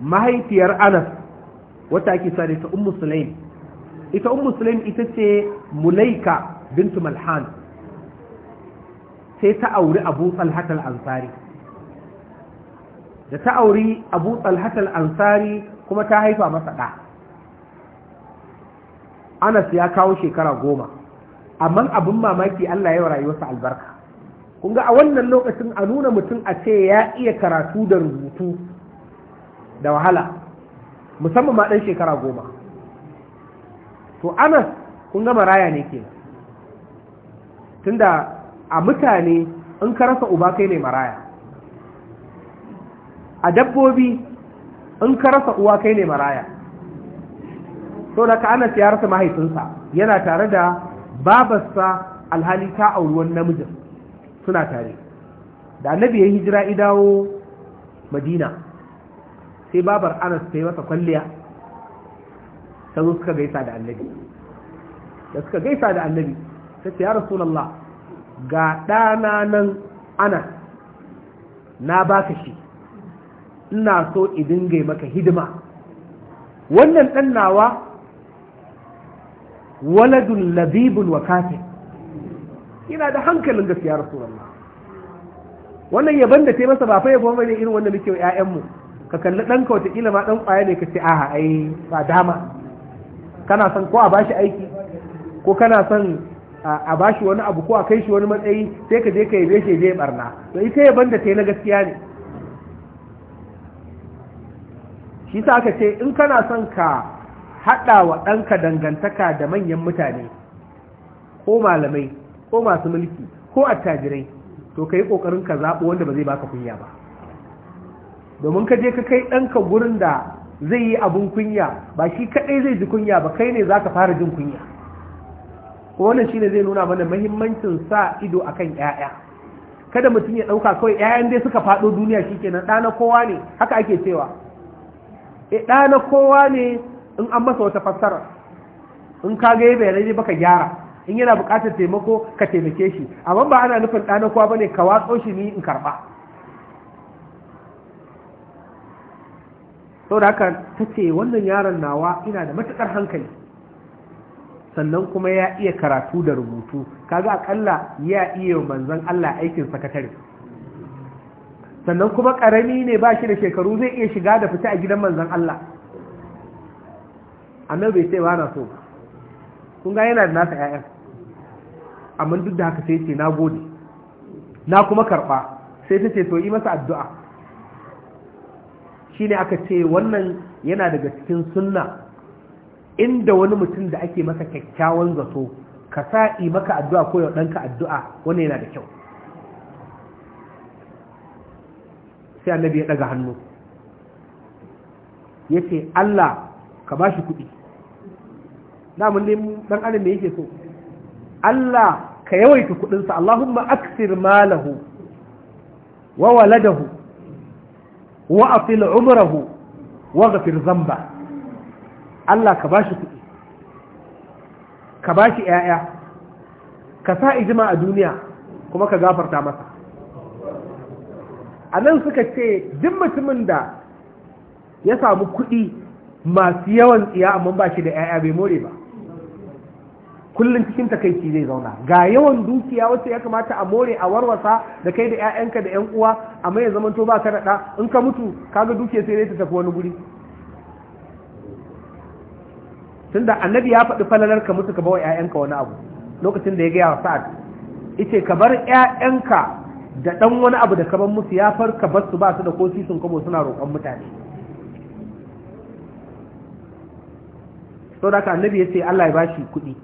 mahaifiyar anas wata ake sa da ita ummu sulaim ita ummu sulaim ita ce mulaika bintu malhan sai ta auri abu talhatal ansari da ta auri abu talhatal ansari kuma ta haifa masa ɗa anas ya kawo shekara goma amma abin mamaki allah ya wa rayuwarsa albarka Kunga a wannan lokacin a nuna mutum a ce ya iya karatu da rubutu da wahala musamman ma ɗan shekara goma to anas kun ga maraya ne ke tunda a mutane in ka rasa uba kai ne maraya a dabbobi in ka rasa uwa kai ne maraya So da ka anas ya rasa mahaifinsa yana tare da babarsa alhali ta auruwan namijin suna tare da annabi ya hijira idawo madina sai babar anas ta yi masa kwalliya ta zo suka gaisa da annabi da suka gaisa da annabi ta ce ya rasulallah ga ɗana nan ana na baka shi ina so idin gai maka hidima wannan ɗan nawa waladun labibun wa katin ina da hankalin gaskiya rasulullah wannan yaban da ta masa ba fa yabo mai irin wannan muke wa ƴaƴanmu ka kalli ɗanka wataƙila ma ɗan ƙwaya ne ka ce aha ai ba dama kana son ko a bashi aiki ko kana son a bashi wani abu ko a kai shi wani matsayi sai ka je ka yabe shi je barna to ita yaban da ta na gaskiya ne shi sa aka ce in kana son ka haɗa wa ɗanka dangantaka da manyan mutane ko malamai ko masu mulki ko attajirai to ka yi ƙoƙarin ka zaɓo wanda ba zai baka kunya ba domin ka je ka kai ɗanka gurin da zai yi abun kunya ba shi kaɗai zai ji kunya ba kai ne za ka fara jin kunya wannan ne zai nuna mana mahimmancin sa ido a kan 'ya'ya. kada mutum ya ɗauka kawai ƴaƴan dai suka faɗo duniya shi ɗa na kowa ne haka ake cewa Eh, ɗa na kowa ne in an masa wata fassara in ka ga bai ba baka gyara in yana buƙatar taimako ka taimake shi amma ba ana nufin ɗa na kowa bane ka watso shi ni in karɓa sau da haka ta ce wannan yaron nawa ina da matuƙar hankali sannan kuma ya iya karatu da rubutu kaga akalla ya iya manzon Allah aikin sakatare sannan kuma ƙarami ne ba shi da shekaru zai iya shiga da fita a gidan manzan Allah annabi bai sai ba na so kun ga yana da nasa 'ya'yan amma duk da haka sai ce na gode na kuma karɓa sai ta ce to yi masa addu'a shi ne aka ce wannan yana daga cikin sunna inda wani mutum da ake masa kyakkyawan zato ka sa’i maka addu'a ko yau ɗanka addu'a wani yana da kyau sai annabi ya daga hannu ya ce Allah ka ba shi kuɗi namun ne ɗan adam ne yake so Allah ka yawaita kuɗinsa Allahumma aksir malahu wa waladahu wa afil umrahu wa ghafir zamba Allah ka ba shi kuɗi ka ba shi ‘ya'ya ka sa ijima a duniya kuma ka gafarta masa a nan suka ce duk mutumin da ya samu kuɗi masu yawan tsiya amma ba shi da 'ya'ya bai more ba kullum cikin takaici zai zauna ga yawan dukiya wacce ya kamata a more a warwasa da kai da 'ya'yanka da 'yan uwa amma ya to ba ka naɗa in ka mutu kaga dukiya sai dai ta tafi wani guri Tun da annabi ya faɗi falalar ka mutu ka bawa 'ya'yanka wani abu lokacin da ya gaya wa sa'ad ice ka bar 'ya'yanka da ɗan wani abu da kaban musu ya farka ba su ba su da ko sun kwabo suna roƙon mutane saboda annabi ya ce Allah ya bashi kuɗi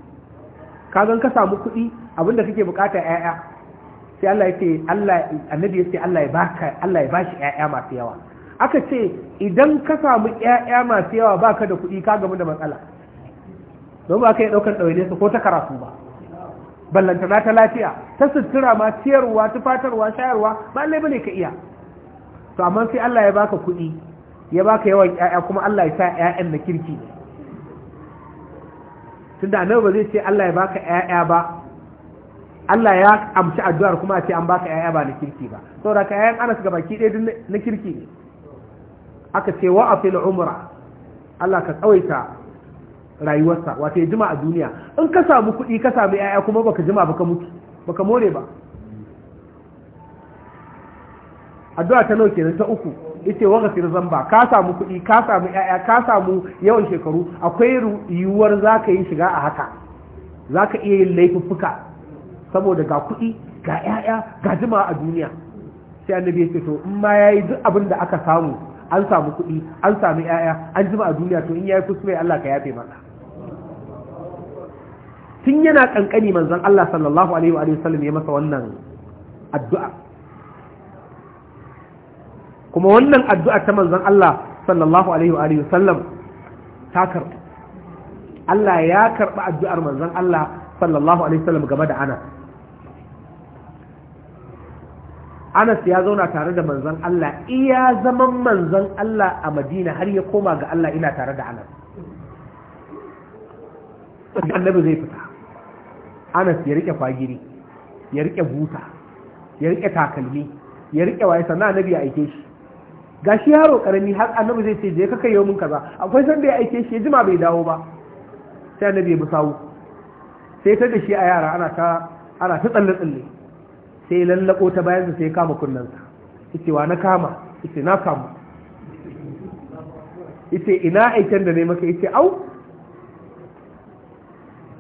kagan ka samu kuɗi abinda kake bukata ƴaƴa sai Allah ya ce Allah annabi ya ce Allah ya baka Allah ya bashi ƴaƴa masu yawa aka ce idan ka samu ƴaƴa masu yawa baka da kuɗi ka gamu da matsala don ba ka yi ɗaukar ne su ko ta karatu ba ballantana ta lafiya ta sutura ma ciyarwa fatarwa shayarwa ba lai bane ka iya to amma sai Allah ya baka kuɗi ya baka yawan ƴaƴa kuma Allah ya sa ƴaƴan na kirki tunda nan ba zai ce Allah ya baka ƴaƴa ba Allah ya amshi addu'ar kuma a ce an baka ƴaƴa ba na kirki ba saboda ka ƴaƴan Anas ga baki ɗaya na kirki ne aka ce wa afil umra Allah ka tsawaita rayuwarsa wato ya jima a duniya in ka samu kuɗi ka samu yaya kuma baka jima baka mutu baka more ba addu'a ta nauke kenan ta uku ita wa gafir zamba ka samu kuɗi ka samu yaya ka samu yawan shekaru akwai yiwuwar za ka yi shiga a haka za ka iya yin laifuffuka saboda ga kuɗi ga yaya ga jima a duniya sai annabi ya ce to in ma yayi duk abin da aka samu an samu kuɗi an samu 'ya'ya an jima a duniya to in ya yi Allah ka yafe masa tun yana kankani manzan Allah sallallahu alaihi wa sallam ya masa wannan addu'a kuma wannan addu'a ta manzan Allah sallallahu alaihi wa sallam ta karɓi Allah ya karɓi addu'ar manzan Allah sallallahu alaihi wa sallam game da ana. Anas ya zauna tare da manzan Allah iya zaman manzan Allah a Madina har ya koma ga Allah ina tare da Anas annabi zai fita anas ya rike fagiri ya rike buta ya rike takalmi ya rike waye sannan annabi ya aike shi gashi yaro karami har annabi zai ce je ka kai yomin kaza akwai sanda ya aike shi ya jima bai dawo ba sai annabi ya bi sawu sai ta a yara ana ta ana ta tsalle tsalle sai lallako ta bayan sai ya kama sa yace wa na kama yace na kama yace ina aikin da ne maka yace au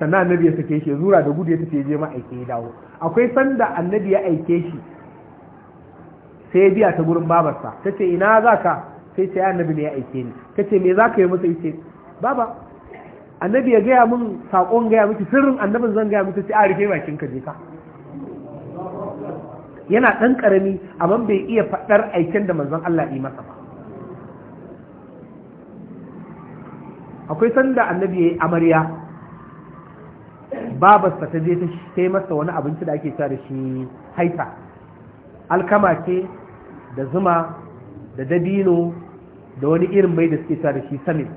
sannan annabi ya sake shi zura da gudu ya tafi je ma'aike ya dawo akwai sanda annabi ya aike shi sai biya ta gurin babarsa ta ce ina za ka sai ce annabi ne ya aike ni ta ce me za ka yi masa ya ce baba annabi ya gaya min saƙon gaya miki sirrin annabin zan gaya miki sai a rufe bakin ka je ka yana ɗan ƙarami amma bai iya faɗar aiken da manzon Allah yi masa ba akwai sanda annabi ya yi amarya babarsa ta je ta kai masa wani abinci da ake sa da shi haita alkama ce da zuma da dabino da wani irin mai da suke sa da shi samin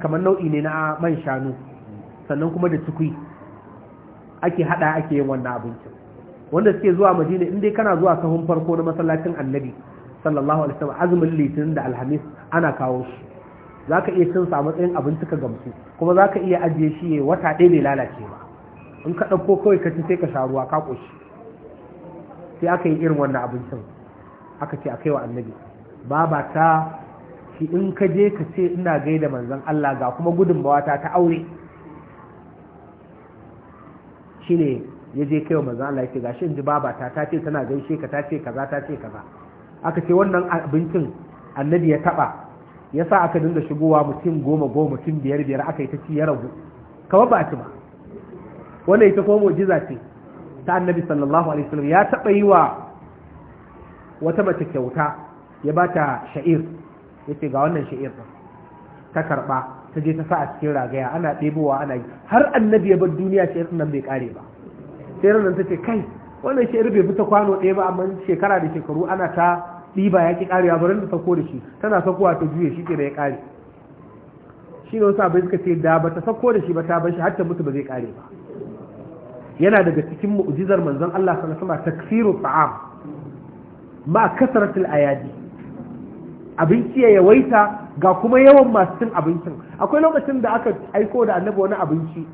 kamar nau'i ne na man shanu sannan kuma da tukui ake hada ake yin wannan abincin wanda suke zuwa madina in dai kana zuwa sahun farko na masallacin annabi sallallahu alaihi wasallam azumin litinin da alhamis ana kawo shi za ka iya cin sa a matsayin abinci ka gamsu kuma za ka iya ajiye shi ya wata ɗaya bai lalace ba in ka ɗauko kawai ka ci sai ka sha ruwa ka ƙoshi sai aka yi irin wannan abincin aka ce a kai wa annabi ba ta shi in ka je ka ce ina gaida manzon Allah ga kuma gudunmawa ta ta aure shine ya je kai wa manzon Allah yake gashi in ji ba ta ta ce tana gaishe ka ta ce kaza ta ce kaza aka ce wannan abincin annabi ya taba Yasa sa aka dinga shigowa mutum goma goma mutum biyar biyar aka yi ta ci ya ragu kawai ba a ci ba wannan ita kuma mu'jiza ce ta annabi sallallahu alaihi wasallam ya taba yi wa wata mace kyauta ya ba ta sha'ir ya ga wannan sha'ir ta karba ta je ta sa a cikin ragaya ana ɗebowa ana yi har annabi ya bar duniya sha'ir nan bai kare ba sai nan ta ce kai wannan sha'ir bai fita kwano ɗaya ba amma shekara da shekaru ana ta ɗiba ya ƙi ƙarewa bari ta sako da shi tana sakowa ta juye shi ke da ya ƙare shi ne wasu abin suka ce da ba ta sako da shi ba ta bar shi hatta mutu ba zai ƙare ba yana daga cikin mu'ujizar manzon Allah sallallahu alaihi wasallam takfiru ta'am ma kasratul ayadi abinci ya yawaita ga kuma yawan masu cin abincin akwai lokacin da aka aiko da annabi wani abinci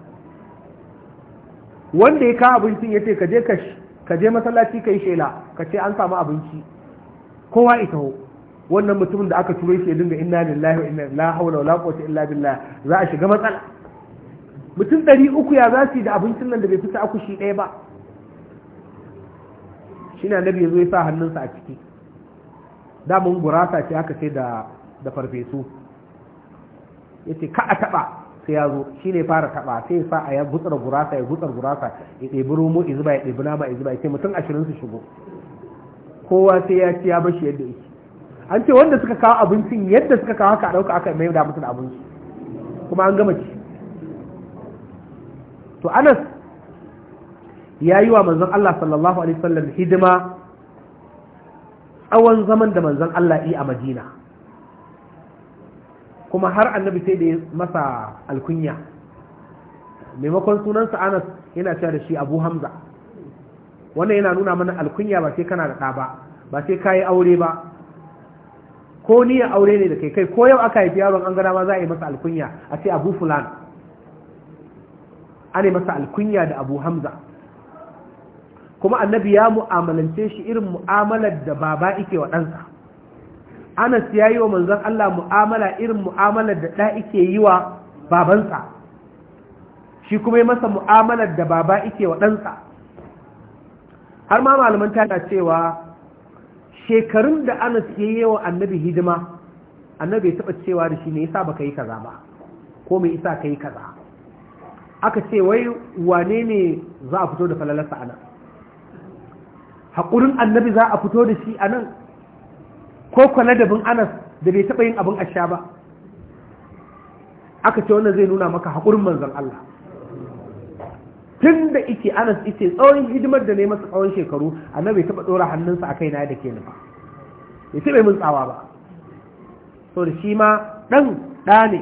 wanda ya ka abincin ya ce ka je masallaci ka yi shela ka ce an samu abinci kowa ita ho wannan mutumin da aka turo shi ya dinga inna lillahi wa inna la hawla wala quwwata illa billah za a shiga matsala mutum ɗari uku ya za su yi da abincin nan da bai fita akushi ɗaya ba shi na nabi ya ya sa hannunsa a ciki Da mun gurasa ce aka ce da farfesu ya ce ka a taɓa sai ya zo shi ne fara taɓa sai ya sa a ya gutsar gurasa ya gutsar gurasa ya ɗebi romo ya zuba ya ɗebi nama ya zuba ya ce mutum ashirin su shigo kowa sai ya ci ya bashi yadda yake an ce wanda suka kawo abincin yadda suka kawo haka ɗauka aka mai da mutum da abinci kuma an gama ci to anas ya yi wa manzon Allah sallallahu alaihi wasallam hidima tsawon zaman da manzon Allah yi a Madina kuma har annabi sai da masa alkunya maimakon sunansa anas yana cewa da shi abu hamza wannan yana nuna mana alkunya ba sai kana da ɗa ba ba sai ka yi aure ba ko niyan aure ne da kai kai ko yau aka haifi yaron an gana ma za a yi masa alkunya a ce abu fulan yi masa alkunya da abu hamza kuma annabi ya mu'amalance shi irin mu'amalar da baba ike wa ɗansa anas ya yi wa manzan allah mu'amala irin mu'amalar da ɗa ike yi wa babansa shi kuma yi masa mu'amalar da baba ike wa ɗansa har ma malaman tana cewa shekarun da anas ya yi wa annabi hidima annabi ya taɓa cewa da shi ne yasa baka yi kaza ba ko me isa ka yi kaza aka ce wai wane ne za a fito da falalarsa nan? haƙurin annabi za a fito da shi a nan? ko bin anas da bai taɓa yin abin asha ba aka ce wannan zai nuna maka haƙurin manzan Allah tun da ike anas ike tsawon hidimar da ne masa tsawon shekaru bai taɓa ɗora hannunsa a kai na da ke nufa ya ce bai mun tsawa ba so da shi ma ɗan ɗa ne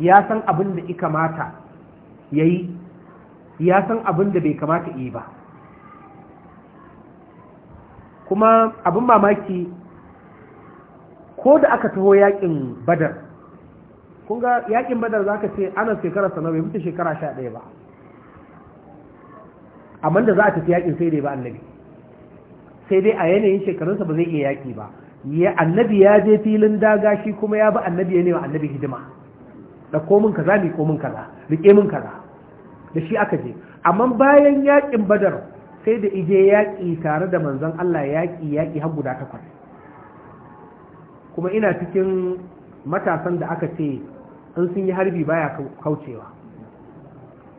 ya san abin da ya kamata ya yi ya san abin da bai kamata yi ba kuma abin mamaki ko da aka taho yakin badar kunga yakin badar za ka ce ana shekara na, bai mutu shekara sha ɗaya ba amma da za a tafi yakin sai dai ba annabi sai dai a yanayin shekarunsa ba zai iya yaki ba ya annabi ya je filin daga shi kuma ya bi annabi ya ne wa annabi hidima da komin kaza mi komin kaza rike min kaza da shi aka je amma bayan yakin badar sai da ije yaki tare da manzon Allah yaki yaki har guda takwas kuma ina cikin matasan da aka ce in sun yi harbi baya kaucewa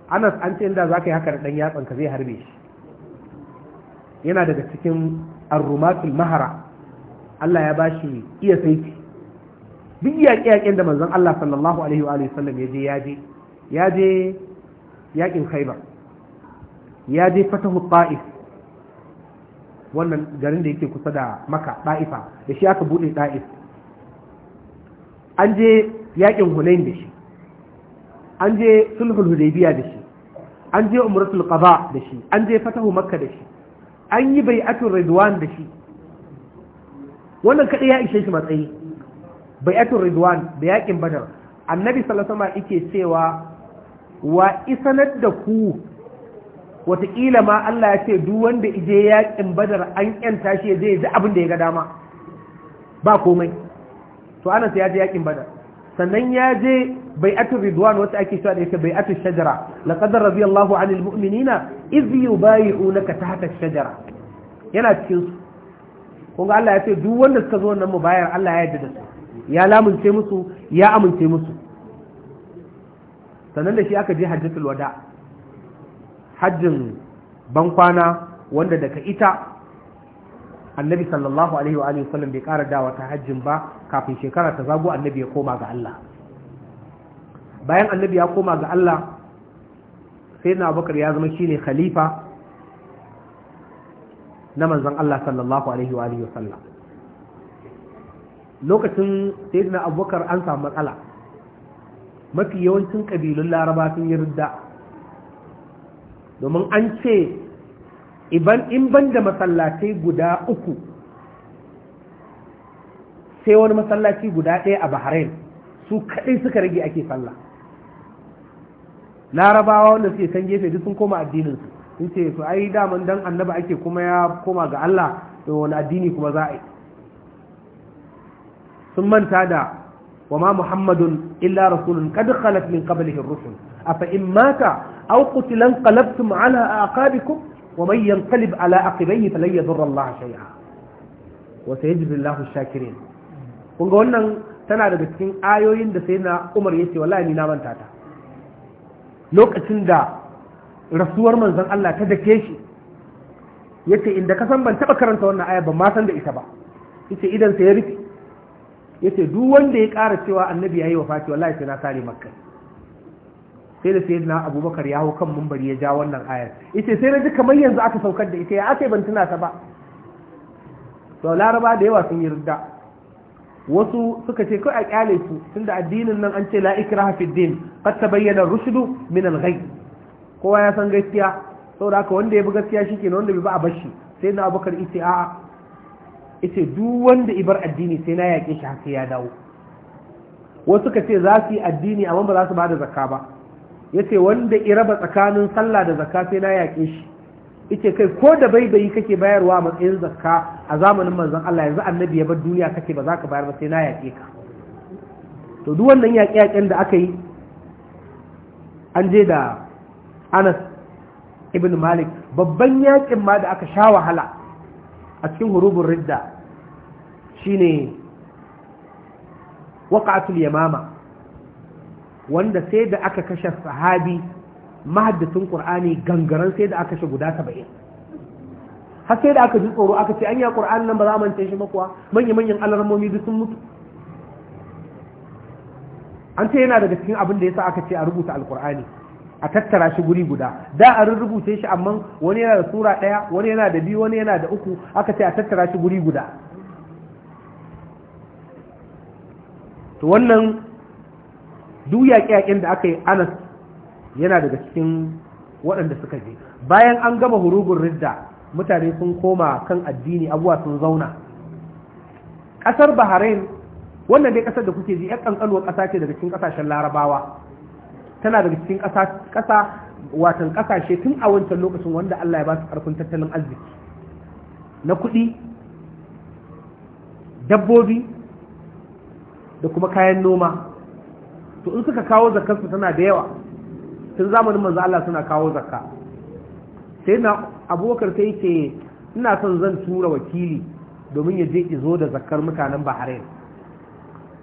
anas an ce inda za ka yi haka da ɗan yatsan ka zai harbe shi yana daga cikin arrumatul mahara Allah ya ba shi iya saiti duk yaƙe-yaƙen da manzon Allah sallallahu alaihi wa sallam ya je ya je ya je yaƙin khaibar ya je fatahu ta'if wannan garin da yake kusa da maka ta'ifa da shi aka buɗe ta'if an je yaƙin hunain da shi an je sulhul hudaybiya da shi an je umratul qada da shi an je fatahu makka da shi an yi bai'atul ridwan da shi wannan kadai ya ishe shi matsayi bai'atul ridwan da yakin badar annabi sallallahu alaihi wasallam yake cewa wa isanar da ku wataƙila ma Allah ya ce duk wanda ije yakin badar an yanta shi zai da abin da ya ga dama ba komai to ana sai ya je yakin badar sannan ya je bai bai'atu ridwan wata ake cewa da ita bai'atu shajara laqad radiyallahu 'anil mu'minina iz yubayi'unaka tahta shajara yana cikin su kun ga Allah ya ce duk wanda suka zo mu bayar Allah ya yarda da su ya lamunce musu ya amince musu sannan da shi aka je hajjatul wada hajjin bankwana wanda daga ita annabi sallallahu alaihi wa alihi bai ƙara dawa ta hajjin ba kafin shekara ta zago annabi ya koma ga Allah bayan annabi ya koma ga Allah sai na bakar ya zama shine khalifa na manzon Allah sallallahu alaihi wa alihi wasallam lokacin sayyidina abubakar an samu matsala mafi yawancin kabilun laraba sun yi ridda domin an ce in ban da masallatai guda uku sai wani masallaci guda ɗaya a bahrain su kaɗai suka rage ake sallah larabawa wanda suke san gefe duk sun koma addininsu sun ce su ai daman dan annaba ake kuma ya koma ga Allah to wani addini kuma za a yi sun manta da wa ma muhammadun illa rasulun kad khalat min qablihi ar-rusul afa in mata aw qutilan qalabtum ala aqabikum ومن ينقلب على عقبيه فلن يضر الله شيئا وسيجزي الله الشاكرين kun ga wannan tana daga cikin ayoyin da sai na umar ya ce wallahi na manta ta lokacin da rasuwar manzon Allah ta dake shi yace inda ka san ban taba karanta wannan aya ban ma san da ita ba yace idan sai ya rufe yace duk wanda ya ƙara cewa annabi ya yayi wafati wallahi sai na sare makka sai da sai na abubakar ya hau kan mumbari ya ja wannan ayar ita sai na ji kamar yanzu aka saukar da ita ya ake ban tuna ta ba to laraba da yawa sun yi ridda wasu suka ce kai a kyale su tunda addinin nan an ce la ikraha fi din qad tabayyana rushdu min al ghayb kowa ya san gaskiya saboda haka wanda ya bi gaskiya shikenan wanda bai ba a bashi sai na abubakar ita a ita duk wanda ibar addini sai na yaƙe shi haka ya dawo wasu suka ce za su yi addini amma ba za su ba da zakka ba Ya ce wanda iraba raba tsakanin sallah da zakka sai na yaƙe shi yace kai ko da bai baibayi kake bayarwa matsayin zakka a zamanin manzon Allah yanzu annabi ya bar duniya kake ba za ka bayar ba sai na yaƙe ka to duk wannan yaƙe-yaƙen da aka yi an je da Anas ibn Malik babban yaƙin ma da aka sha wahala a cikin hurubun ridda shine waqa'atul yamama wanda sai da aka kashe sahabi mahaddasin ƙur'ani gangaren sai da aka kashe guda saba'in har sai da aka ji tsoro aka ce yi ƙur'an nan ba za mance shi makuwa manya-manyan alarmomi duk sun mutu an ce yana daga cikin abin da ya sa aka ce a rubuta alƙur'ani a tattara shi guri guda da a rubuce shi amma wani yana da sura ɗaya wani yana da biyu wani yana da uku aka ce a tattara shi guri guda to wannan duk yaƙe-yaƙen da aka yi anas yana daga cikin waɗanda suka je bayan an gama hurubun ridda mutane sun koma kan addini abuwa sun zauna ƙasar bahrain wannan dai ƙasar da kuke ji 'yan ƙanƙanuwar ƙasa ce daga cikin ƙasashen larabawa tana daga cikin ƙasa watan ƙasashe tun a wancan lokacin wanda allah ya ba su ƙarfin tattalin arziki na kuɗi dabbobi da kuma kayan noma to in suka kawo zakarsu tana da yawa tun zamanin manzo Allah suna kawo zakka sai na abubakar sai ce ina son zan tura wakili domin ya je ki zo da zakar mutanen Bahrain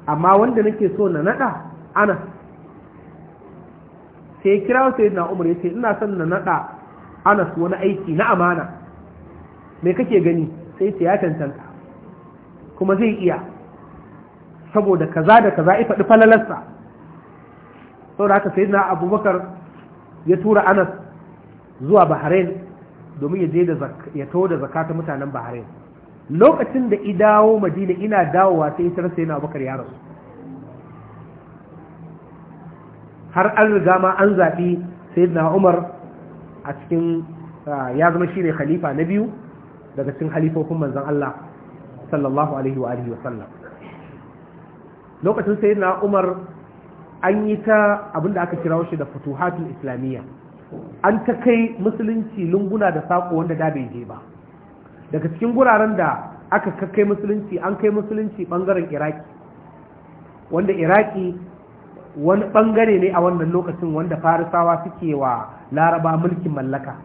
amma wanda nake so na nada ana sai kira sai na umar yace ina son na nada su wani aiki na amana me kake gani sai ya tantanta kuma zai iya saboda kaza da kaza ya faɗi falalarsa saboda haka na abubakar ya tura anas zuwa bahrain domin ya je ya tawo da zakata mutanen bahrain lokacin da i dawo madina ina dawowa sai ita rasa yana abubakar ya rasu har an riga ma an zaɓi na umar a cikin ya zama shi ne khalifa na biyu daga cikin halifofin manzan Allah sallallahu alaihi wa alihi wa sallam lokacin sayyidina umar an yi ta abin da aka kira shi da fatuhatul islamiyya an ta kai musulunci lunguna da sako wanda da bai je ba daga cikin guraren da aka kai musulunci an kai musulunci bangaren iraki wanda iraki wani bangare ne a wannan lokacin wanda farisawa suke wa laraba mulkin mallaka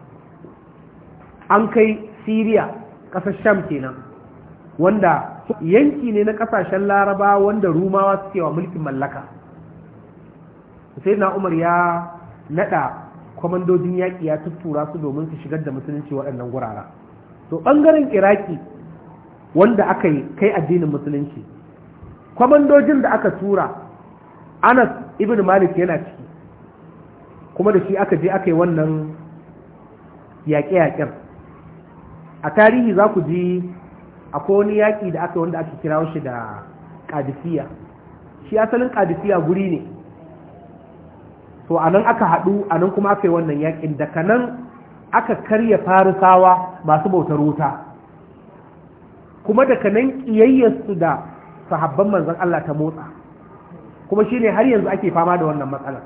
an kai siriya ƙasar sham kenan wanda yanki ne na ƙasashen laraba wanda rumawa suke wa mulkin mallaka sai na umar ya nada kwamandojin yaƙi ya tuttura su domin su shigar da musulunci waɗannan gurara to ɓangaren iraki wanda aka yi kai addinin musulunci kwamandojin da aka tura anas ibn malik yana ciki kuma da shi aka je aka yi wannan yaƙe-yaƙen a tarihi za ku ji akwai wani yaƙi da aka wanda ake kira shi da ƙadisiya shi asalin ƙadisiya guri ne to anan aka haɗu anan kuma aka yi wannan yakin daga nan aka karya farisawa masu bautar wuta kuma daga nan ƙiyayyarsu da sahabban manzan Allah ta motsa kuma shi ne har yanzu ake fama da wannan matsalar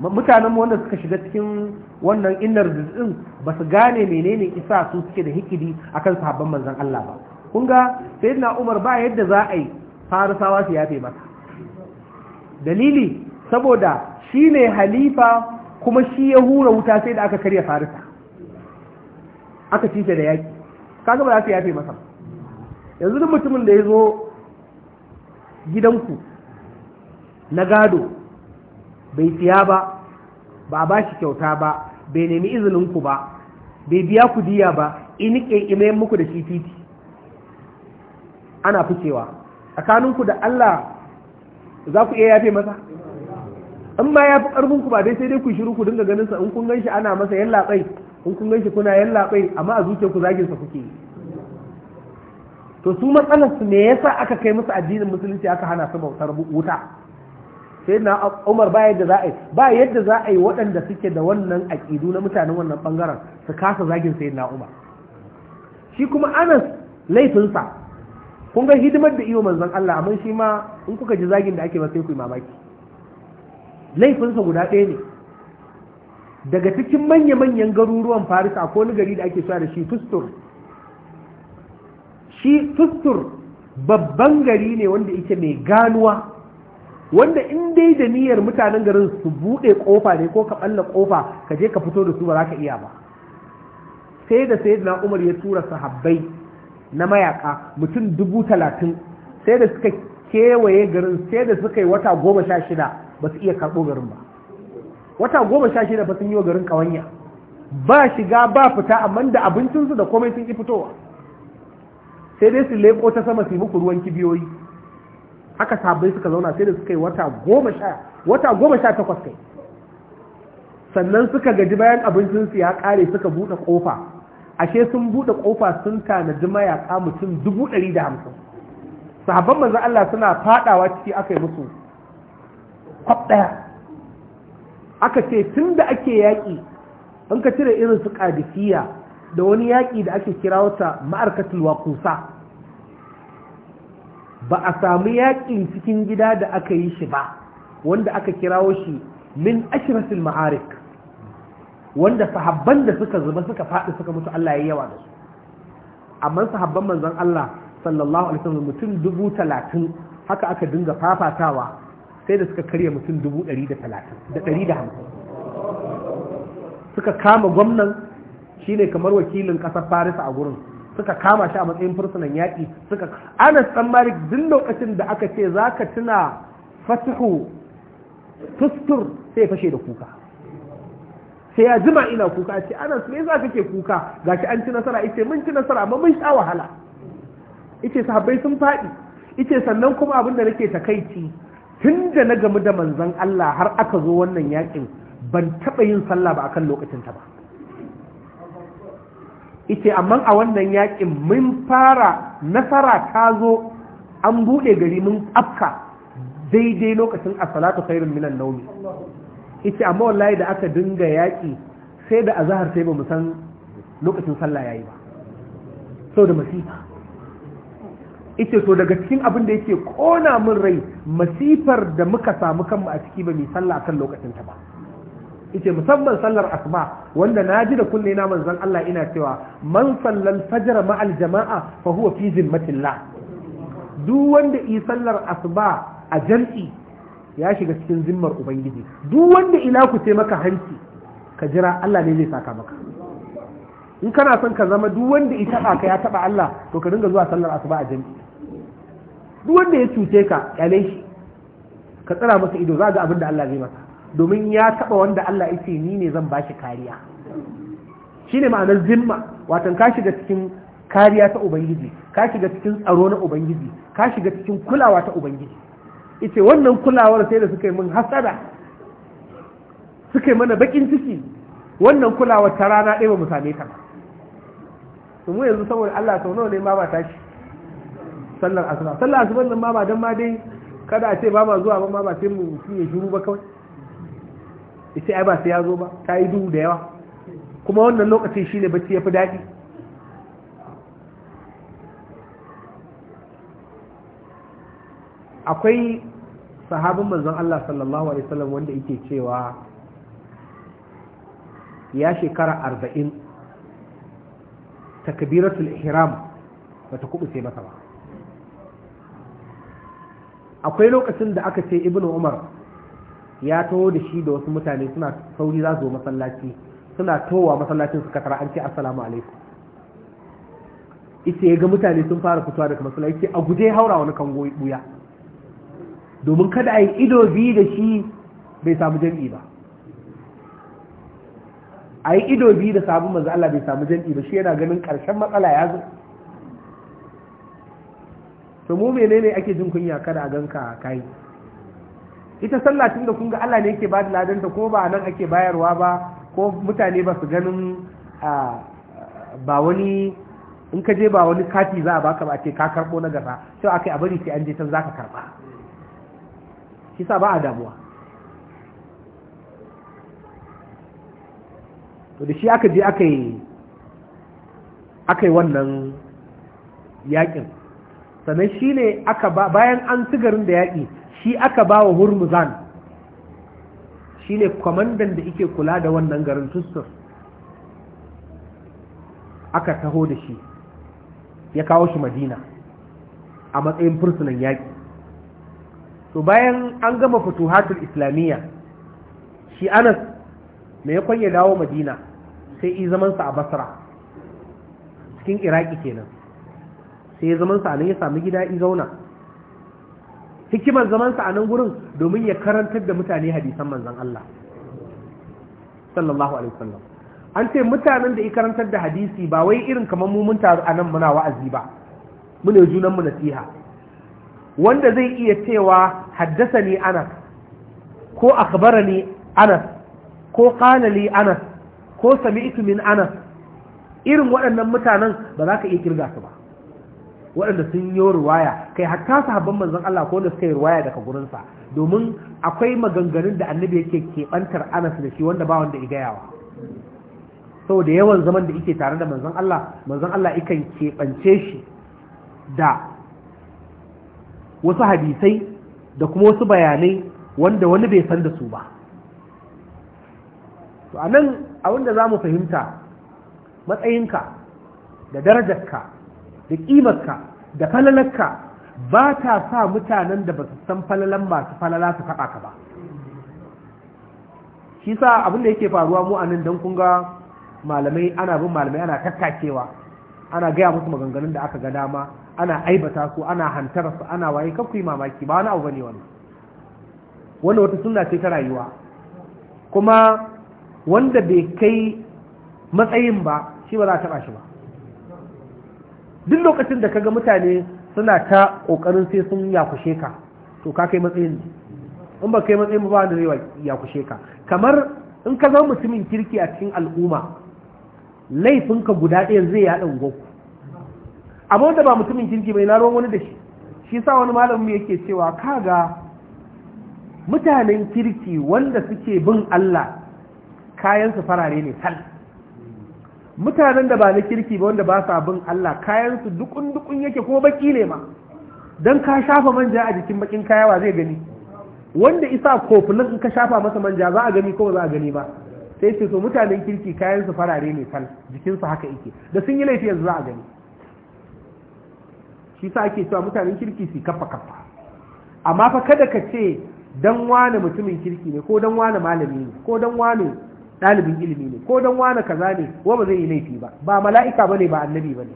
mutanenmu wanda suka shiga cikin wannan innar din ba su gane menene isa su suke da hikidi akan sahabban manzan Allah ba kun ga sayyidina Umar ba yadda za a yi farisawa su yafe masa dalili saboda shi ne halifa kuma shi ya hura wuta sai da aka karya farisa aka cike da yaƙi kaga ba za su yafe masa yanzu duk mutumin da ya zo gidanku na gado bai siya ba ba a ba shi kyauta ba bai nemi izininku ba bai biya ku diya ba ini ƙeƙimayen muku da shi titi ana ficewa tsakaninku da Allah za ku iya yafe masa in ma ya fi ƙarfin ku ba dai sai dai ku shiru ku dinga ganin sa in kun ganshi ana masa yalla bai in kun ganshi kuna yalla bai amma a zuciyar ku zagin sa kuke to su matsalar su me yasa aka kai musu addinin musulunci aka hana su bautar wuta sai na Umar ba yadda za a yi ba yadda za a yi waɗanda suke da wannan aƙidu na mutanen wannan bangaren su kasa zagin sai na Umar shi kuma Anas laifinsa kun ga hidimar da iyo manzon Allah amma shi ma in kuka ji zagin da ake ba sai ku mamaki laifinsa guda ɗaya ne daga cikin manya-manyan garuruwan faris a wani gari da ake sa da shi Fustur. shi Fustur babban gari ne wanda ike mai ganuwa wanda in dai da niyyar mutanen garin su buɗe ƙofa ne ko ka ɓalla ƙofa ka je ka fito da su ba za ka iya ba sai da sai na umar ya tura sahabbai na mayaka mutum dubu talatin sai da suka kewaye garin sai da suka yi wata goma sha shida ba su iya karɓo garin ba wata goma sha shida ba sun yi wa garin kawanya ba shiga ba fita amma da abincinsu da komai sun ki fitowa sai dai su leƙo ta sama su yi muku ruwan kibiyoyi haka sabai suka zauna sai da suka yi wata goma sha wata goma sha takwas kai sannan suka gaji bayan abincinsu ya ƙare suka buɗe ƙofa ashe sun buɗe ƙofa sun tanadi mayaƙa mutum dubu ɗari da hamsin sahabban manzo Allah suna faɗawa ciki aka yi musu kwab ɗaya aka ce tun da ake yaƙi an ka cire irin su ƙadifiya da wani yaƙi da ake kira wata ma'arkatul waƙusa ba a sami yaƙin cikin gida da aka yi shi ba wanda aka kirawo shi min ashirasul ma'arik wanda sahabban da suka zuba suka faɗi suka mutu Allah ya yawa da su amma sahabban manzon Allah sallallahu alaihi wasallam mutum dubu talatin haka aka dinga fafatawa sai da suka karya mutum dubu ɗari da talatin da ɗari da hamsin suka kama gwamnan shi ne kamar wakilin ƙasar faris a gurin suka kama shi a matsayin fursunan yaƙi suka Anas ɗan marik duk lokacin da aka ce za ka tuna fasihu tustur sai fashe da kuka sai ya jima ina kuka ce Anas ne za ka ke kuka gashi an ci nasara ice mun ci nasara amma mun sha wahala ita sahabbai sun faɗi ice sannan kuma abin da nake takaici tun da na gamu da manzan Allah har aka zo wannan yakin ban taɓa yin sallah ba a akan lokacinta ba ita amma a wannan yakin mun fara nasara ta zo an buɗe gari mun afka daidai lokacin a salatu khairun minan naumi ita amma wallahi da aka dinga yaƙi sai da azahar sai ba mu san lokacin sallah yayi ba sau da masifa ita to daga cikin abin da yake kona min rai masifar da muka samu kanmu a ciki ba mai sallah akan lokacin ta ba ita musamman sallar asuba wanda na ji da kunne na manzon Allah ina cewa man sallal fajr ma'al jama'a fa huwa fi zimmatillah duk wanda yi sallar asuba a jam'i ya shiga cikin zimmar ubangiji duk wanda ila ku ce maka hanci ka jira Allah ne zai saka maka in kana son ka zama duk wanda ya taba ka ya taba Allah to ka dinga zuwa sallar asuba a jami'i duk wanda ya cuce ka kyale shi ka tsara masa ido za ga abin da Allah zai masa domin ya taba wanda Allah ya ce ni ne zan shi kariya shine ma'anar zimma watan ka shiga cikin kariya ta ubangiji ka shiga cikin tsaro na ubangiji ka shiga cikin kulawa ta ubangiji ita wannan kulawar sai da suka yi min hasada suka yi mana bakin ciki wannan kulawar ta rana ɗaya ba mu same ta ba mu yanzu saboda Allah sau nawa ne ma ba tashi sallar asuba sallar asuba nan ma ba dan ma dai kada a ce ba ma zuwa ba ma ba sai mu ya shiru ba kawai ita ai ba sai ya zo ba ta yi duhu da yawa kuma wannan lokacin shine bacci ya fi daɗi akwai sahabin manzon Allah sallallahu alaihi wasallam wanda yake cewa ya shekara arba'in takbiratul ihram bata kubuce masa ba akwai lokacin da aka ce ibnu umar ya taho da shi da wasu mutane suna sauri za su masallaci suna towa masallacin suka tara an ce assalamu alaikum ita ya ga mutane sun fara fitowa daga masallaci ce a guje haura wani kango buya domin kada a yi ido biyu da shi bai samu jam'i ba a yi ido biyu da sabon manzo Allah bai samu jam'i ba shi yana ganin karshen matsala ya zo to mu menene ake jin kunya kada a ganka kai ita sallah tun da kun ga Allah ne yake da ladanta ko ba nan ake bayarwa ba ko mutane ba su ganin ba wani in ka je ba wani kati za a baka ba ce ka karbo na gasa sai aka yi a bari sai an je can za ka karba shi sa ba a damuwa to da shi aka je aka yi aka yi wannan yakin sannan shi ne aka ba bayan an ci garin da yaƙi shi aka ba wa hurmuzan shi ne kwamandan da ike kula da wannan garin tustur aka taho da shi ya kawo shi madina a matsayin fursunan yaƙi to bayan an gama fituhatul islamiyya shi anas mai kwanye dawo madina sai yi zamansa a basra cikin iraki kenan sai ya zaman sa nan ya sami gida in zauna hikimar zaman sa nan gurin domin ya karantar da mutane hadisan manzon Allah sallallahu alaihi wasallam an ce mutanen da ya karantar da hadisi ba wai irin kamar mu mun taru anan muna wa'azi ba mun yi junan mu nasiha wanda zai iya cewa haddasa ni anas ko akhbarani anas ko qala li anas ko sami'tu min anas irin waɗannan mutanen ba za ka iya kirga su ba waɗanda sun yi ruwaya kai hatta sahabban manzon Allah ko da suka yi ruwaya daga gurinsa domin akwai maganganun da annabi yake keɓantar anas da shi wanda ba wanda ya gayawa saboda yawan zaman da yake tare da manzon Allah manzon Allah ikan keɓance shi da wasu hadisai da kuma wasu bayanai wanda wani bai san da su ba to anan a wanda za mu fahimta matsayinka da darajarka da ƙimarka da falalarka ba ta sa mutanen da ba su san falalan masu falala su faɗa ka ba shi sa abin da yake faruwa mu a nan don kun malamai ana bin malamai ana kakkakewa ana gaya musu maganganun da aka ga dama ana aibata su ana hantar su ana waye kakku yi mamaki ba wani abu bane wani wanda wata suna ce ta rayuwa kuma wanda bai kai matsayin ba shi ba za a taɓa shi ba duk lokacin da kaga mutane suna ta kokarin sai sun yakushe ka to ka kai matsayin in ba kai matsayin ba da zai yakushe ka kamar in ka zama mutumin kirki a cikin al'umma laifinka guda ɗaya zai yaɗa ungoku amma wanda ba mutumin kirki bai na ruwan wani da shi shi sa wani malamin yake cewa kaga mutanen kirki wanda suke bin Allah kayansu farare ne sal mutanen da ba na kirki ba wanda ba sa bin Allah kayansu su dukun dukun yake ko baki ne ma dan ka shafa manja a jikin bakin kayawa zai gani wanda isa kofulin in ka shafa masa manja za a gani ko za a gani ba sai ce to mutanen kirki kayan farare ne fal jikin su haka yake da sun yi laifi yanzu za a gani shi sa ake cewa mutanen kirki su kafa kafa amma fa kada ka ce dan wane mutumin kirki ne ko dan wane malami ne ko dan wani ɗalibin ilimi ne ko don wani kaza ne wa ba zai yi laifi ba ba mala'ika bane ba annabi bane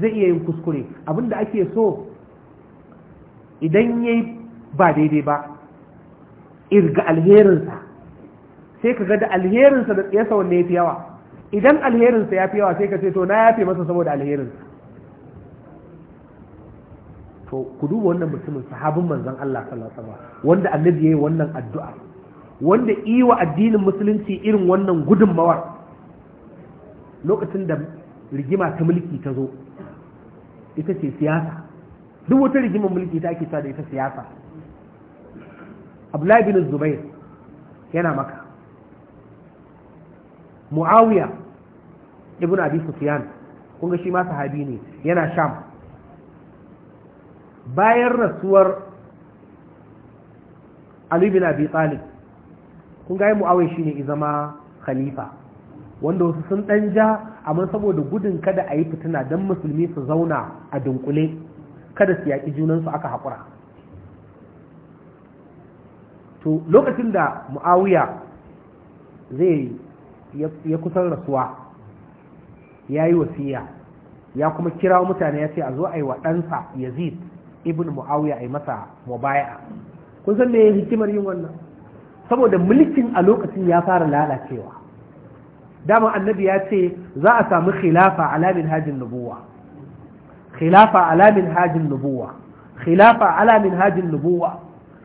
zai iya yin kuskure abinda ake so idan yayi ba daidai ba irga alherinsa sai ka ga da alherinsa da tsayasa wanne ya fi yawa idan alherinsa ya fi yawa sai ka ce to na yafe masa saboda alherinsa to ku duba wannan mutumin sahabin manzon Allah sallallahu alaihi wasallam wanda annabi yayi wannan addu'a wanda iwa addinin musulunci irin wannan gudunmawar lokacin da rigima ta mulki ta zo ita ce siyasa duk wata rigimar mulki ta ake sa da ita siyasa abdullahi bin zubair yana maka muawiya ibn abi sufyan kun ga shi ma sahabi ne yana sham bayan rasuwar ali bin abi talib kun ga mu'awai shine i zama khalifa wanda wasu sun dan ja amma saboda gudun kada a yi fitina don musulmi su zauna a dunkule kada su yaƙi junansu aka haƙura to lokacin da mu'awiya zai ya kusan rasuwa ya yi wasiya ya kuma kira mutane ya ce a zo a yi wa ɗansa yazid ibn mu'awiya a yi masa mubaya kun san me hikimar yin wannan saboda mulkin a lokacin ya fara lalacewa dama annabi ya ce za a samu khilafa alamin hajin nubuwa khilafa alamin hajin nubuwa khilafa alamin hajin nubuwa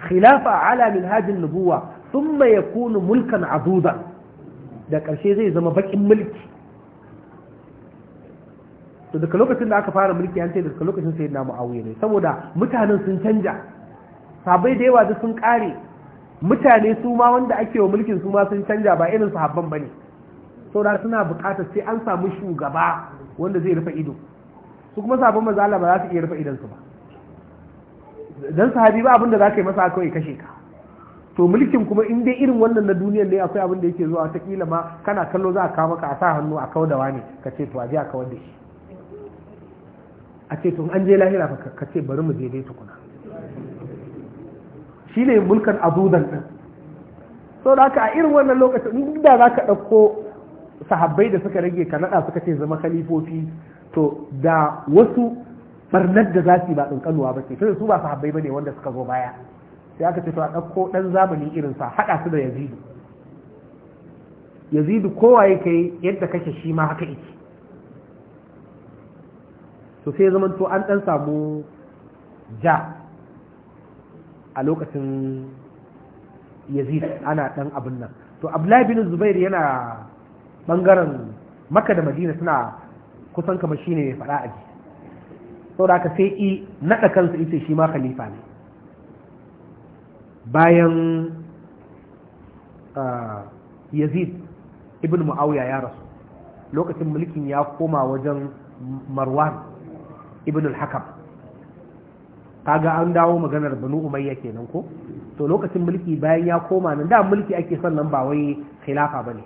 khilafa alamin hajin nubuwa thumma yakunu mulkan azudan da ƙarshe zai zama bakin mulki to daga lokacin da aka fara mulki an ce daga lokacin sai na mu'awiya ne saboda mutanen sun canja sabai da yawa da sun kare mutane su ma wanda ake wa mulkin su ma sun canja ba irin sahabban bane saboda suna buƙatar sai an samu shugaba wanda zai rufe ido su kuma sahabban manzo Allah ba za su iya rufe idan su ba dan sahabi ba abin da za ka yi masa kawai kashe ka to mulkin kuma in dai irin wannan na duniyar ne akwai abin da yake zuwa ta kila ma kana kallo za a kawo maka a sa hannu a kawo da wani ka ce to a je a kawar da shi a ce to an je lahira ka ce bari mu je dai tukuna Shi ne mulkan abudan ɗin so da haka a irin wannan lokacin da za ka ɗauko sahabbai da suka rage ka naɗa suka ce zama khalifofi to da wasu barnar da za su yi ba tsinkanuwa ba ce su ba sahabbai ba ne wanda suka zo baya sai aka ce to a ɗauko ɗan zamani irin sa haɗa su da yazidu yazidu kowaye kai yadda kake shi ma haka yake to sai zama to an ɗan samu ja a lokacin yazid ana dan abin nan to abdullahi bin zubair yana bangaren maka da madina suna kusan kamar shine mai fada aji saboda aka sai i naɗa kansa ita shi ma khalifa ne bayan ah, yazid ibn muawiya ya rasu lokacin mulkin ya koma wajen marwan ibn al-hakam kaga an dawo maganar banu umayya kenan ko to lokacin mulki bayan ya koma nan da mulki ake son nan ba wai khilafa bane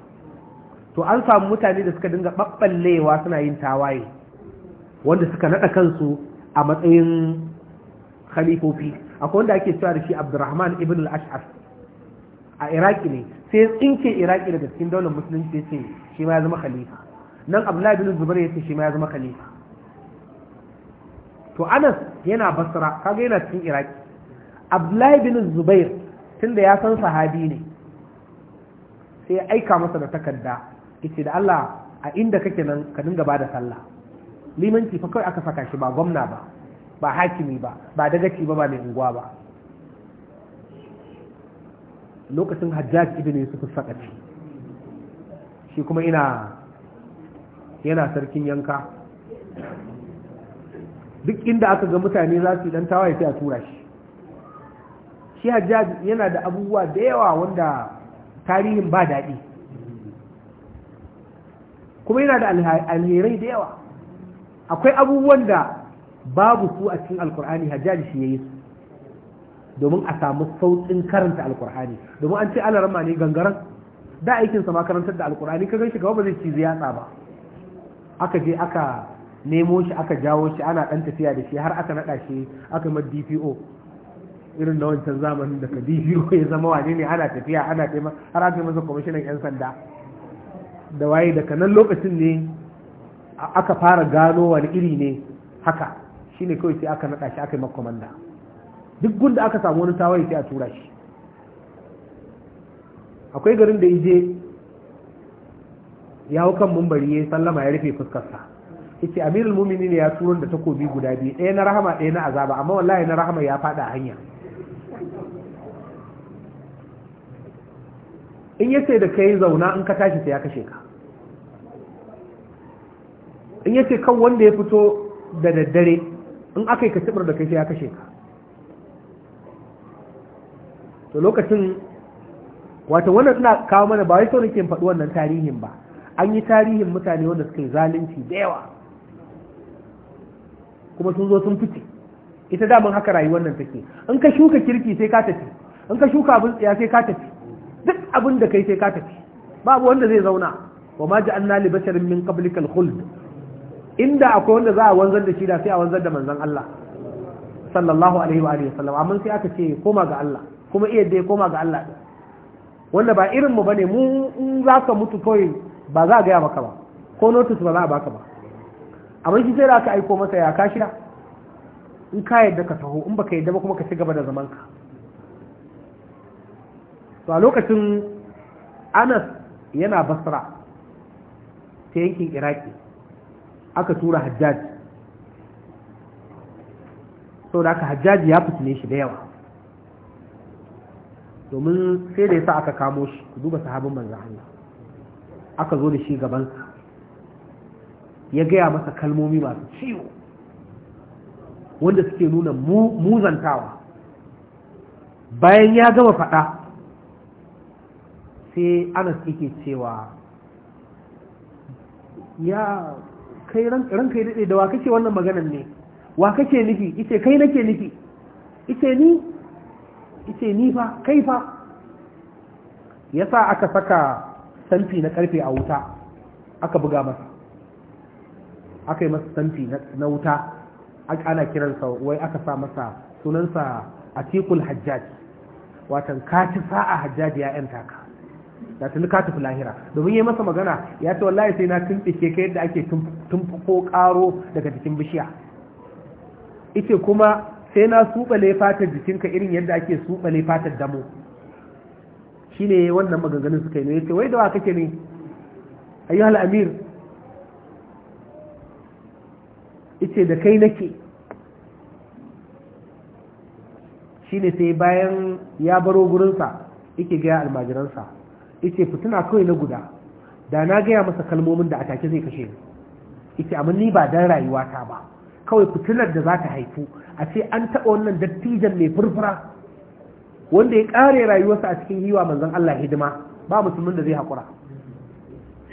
to an samu mutane da suka dinga babballewa suna yin tawaye wanda suka nada kansu a matsayin khalifofi akwai wanda ake cewa da shi Abdurrahman ibn al-Ash'ar a Iraki ne sai tsinke Iraki daga cikin daular musulunci ce shi ma ya zama khalifa nan Abdullah ibn Zubair sai shi ma ya zama khalifa to anas yana basra kaga yana cikin iraki abdullahi bin zubair tunda ya san sahabi ne sai ya aika masa da takarda yace da Allah a inda kake nan ka dinga bada sallah limanci fa kai aka saka shi ba gwamna ba ba hakimi ba ba dagaci ba ba mai unguwa ba lokacin hajjaj ibn yusuf sakaci shi kuma ina yana sarkin yanka duk inda aka ga mutane za su dan tawaye sai a tura shi shi hajjaj yana da abubuwa da yawa wanda tarihin ba daɗi kuma yana da alherai da yawa akwai abubuwan da babu su a cikin alkur'ani hajjaj shi ya yi su domin a samu sauƙin karanta alkur'ani domin an ce rama ne gangaren da aikinsa ma karantar da alkur'ani ka gan shi gaba ba zai ci ziyatsa ba aka je aka nemo shi aka jawo shi ana dan tafiya da shi har aka naɗa shi aka ma dpo irin na wancan zamanin daga dpo ya zama wane ne ana tafiya ana taima har aka yi masa kwamishinan 'yan sanda da waye daga nan lokacin ne aka fara gano wani iri ne haka shine kawai sai aka naɗa shi aka yi makwamanda duk gunda aka samu wani tawaye sai a tura shi akwai garin da ije ya hau kan mumbari ya sallama ya rufe fuskarsa ita amirul mu'minin ya turo da takobi guda biyu ɗaya na rahama ɗaya na azaba amma wallahi na rahama ya faɗa a hanya in yace da kai zauna in ka tashi sai ya kashe ka in yace kan wanda ya fito da daddare in aka yi kasibar da kai sai ya kashe ka to lokacin wato wannan suna kawo mana ba wai sau nake faɗi wannan tarihin ba an yi tarihin mutane wanda suka yi zalunci da yawa kuma sun zo sun fice ita daman haka rayuwar nan take in ka shuka kirki sai ka tafi in ka shuka abin tsaya sai ka tafi duk abin da kai sai ka tafi babu wanda zai zauna wa ma anna li basharin min qablika al-khuld inda akwai wanda za a wanzar da shi da sai a wanzar da manzon Allah sallallahu alaihi wa alihi wasallam amma sai aka ce koma ga Allah kuma iya dai koma ga Allah wanda ba irin mu bane mu in ka mutu kawai ba za a gaya maka ba ko notice ba za a baka ba amma shi sai da aiko masa ya kashi da? in ka yadda ka taho in baka yadda ba kuma ka ci gaba da zaman ka to a lokacin anas yana basra ta yankin iraki aka tura hajjaji sau da aka hajjaji ya fitine shi da yawa domin sai da ya sa aka kamo shi duba sahabin manzan aka zo da shi gabansa ya gaya masa kalmomi masu ciwo wanda suke nuna muzantawa bayan ya gama faɗa sai anas suke cewa ya kai ranka daɗe da wa kake wannan maganan ne wa kake nufi ita kai nake nufi ita ni ita ni fa kai fa yasa aka saka sanfi na karfe a wuta aka buga masa aka yi masa santi na wuta a ana kiransa wai aka sa masa sunansa a atikul hajjaji watan kati sa'a hajjaj ya yanta ka da tuni ka tafi lahira domin yi masa magana ya ce wallahi sai na tumfike ka yadda ake tumfuko karo daga jikin bishiya ita kuma sai na subale fatar jikinka irin yadda ake subale fatar damo shine wannan maganganun suka yi ne ce wai da wa kake ne ayyuhal amir ita da kai nake shi ne sai bayan ya baro gurinsa yake gaya almajiransa ita fituna kawai na guda da na gaya masa kalmomin da a take zai kashe ita amma ni ba dan rayuwata ba kawai fitilar da za ta haifu a ce an taɓa wannan dattijan mai furfura wanda ya ƙare rayuwarsa a cikin yiwa manzon Allah hidima ba musulmin da zai haƙura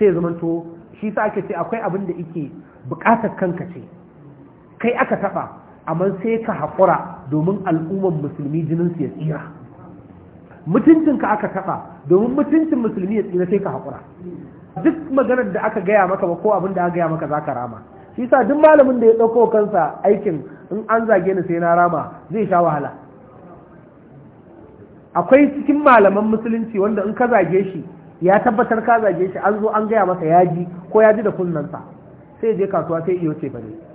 sai ya zamanto shi sa ake ce akwai abin da yake buƙatar kanka ce kai aka taɓa amma sai ka haƙura domin al'umman musulmi jinin su ya tsira Mutuncin ka aka taɓa domin mutuncin musulmi ya tsira sai ka haƙura duk maganar da aka gaya maka ba ko abin da aka gaya maka za ka rama shi sa duk malamin da ya ɗauko kansa aikin in an zage ni sai na rama zai sha wahala akwai cikin malaman musulunci wanda in ka zage shi ya tabbatar ka zage shi an zo an gaya masa yaji ko yaji da kunnansa sai je kasuwa sai iyo ce bane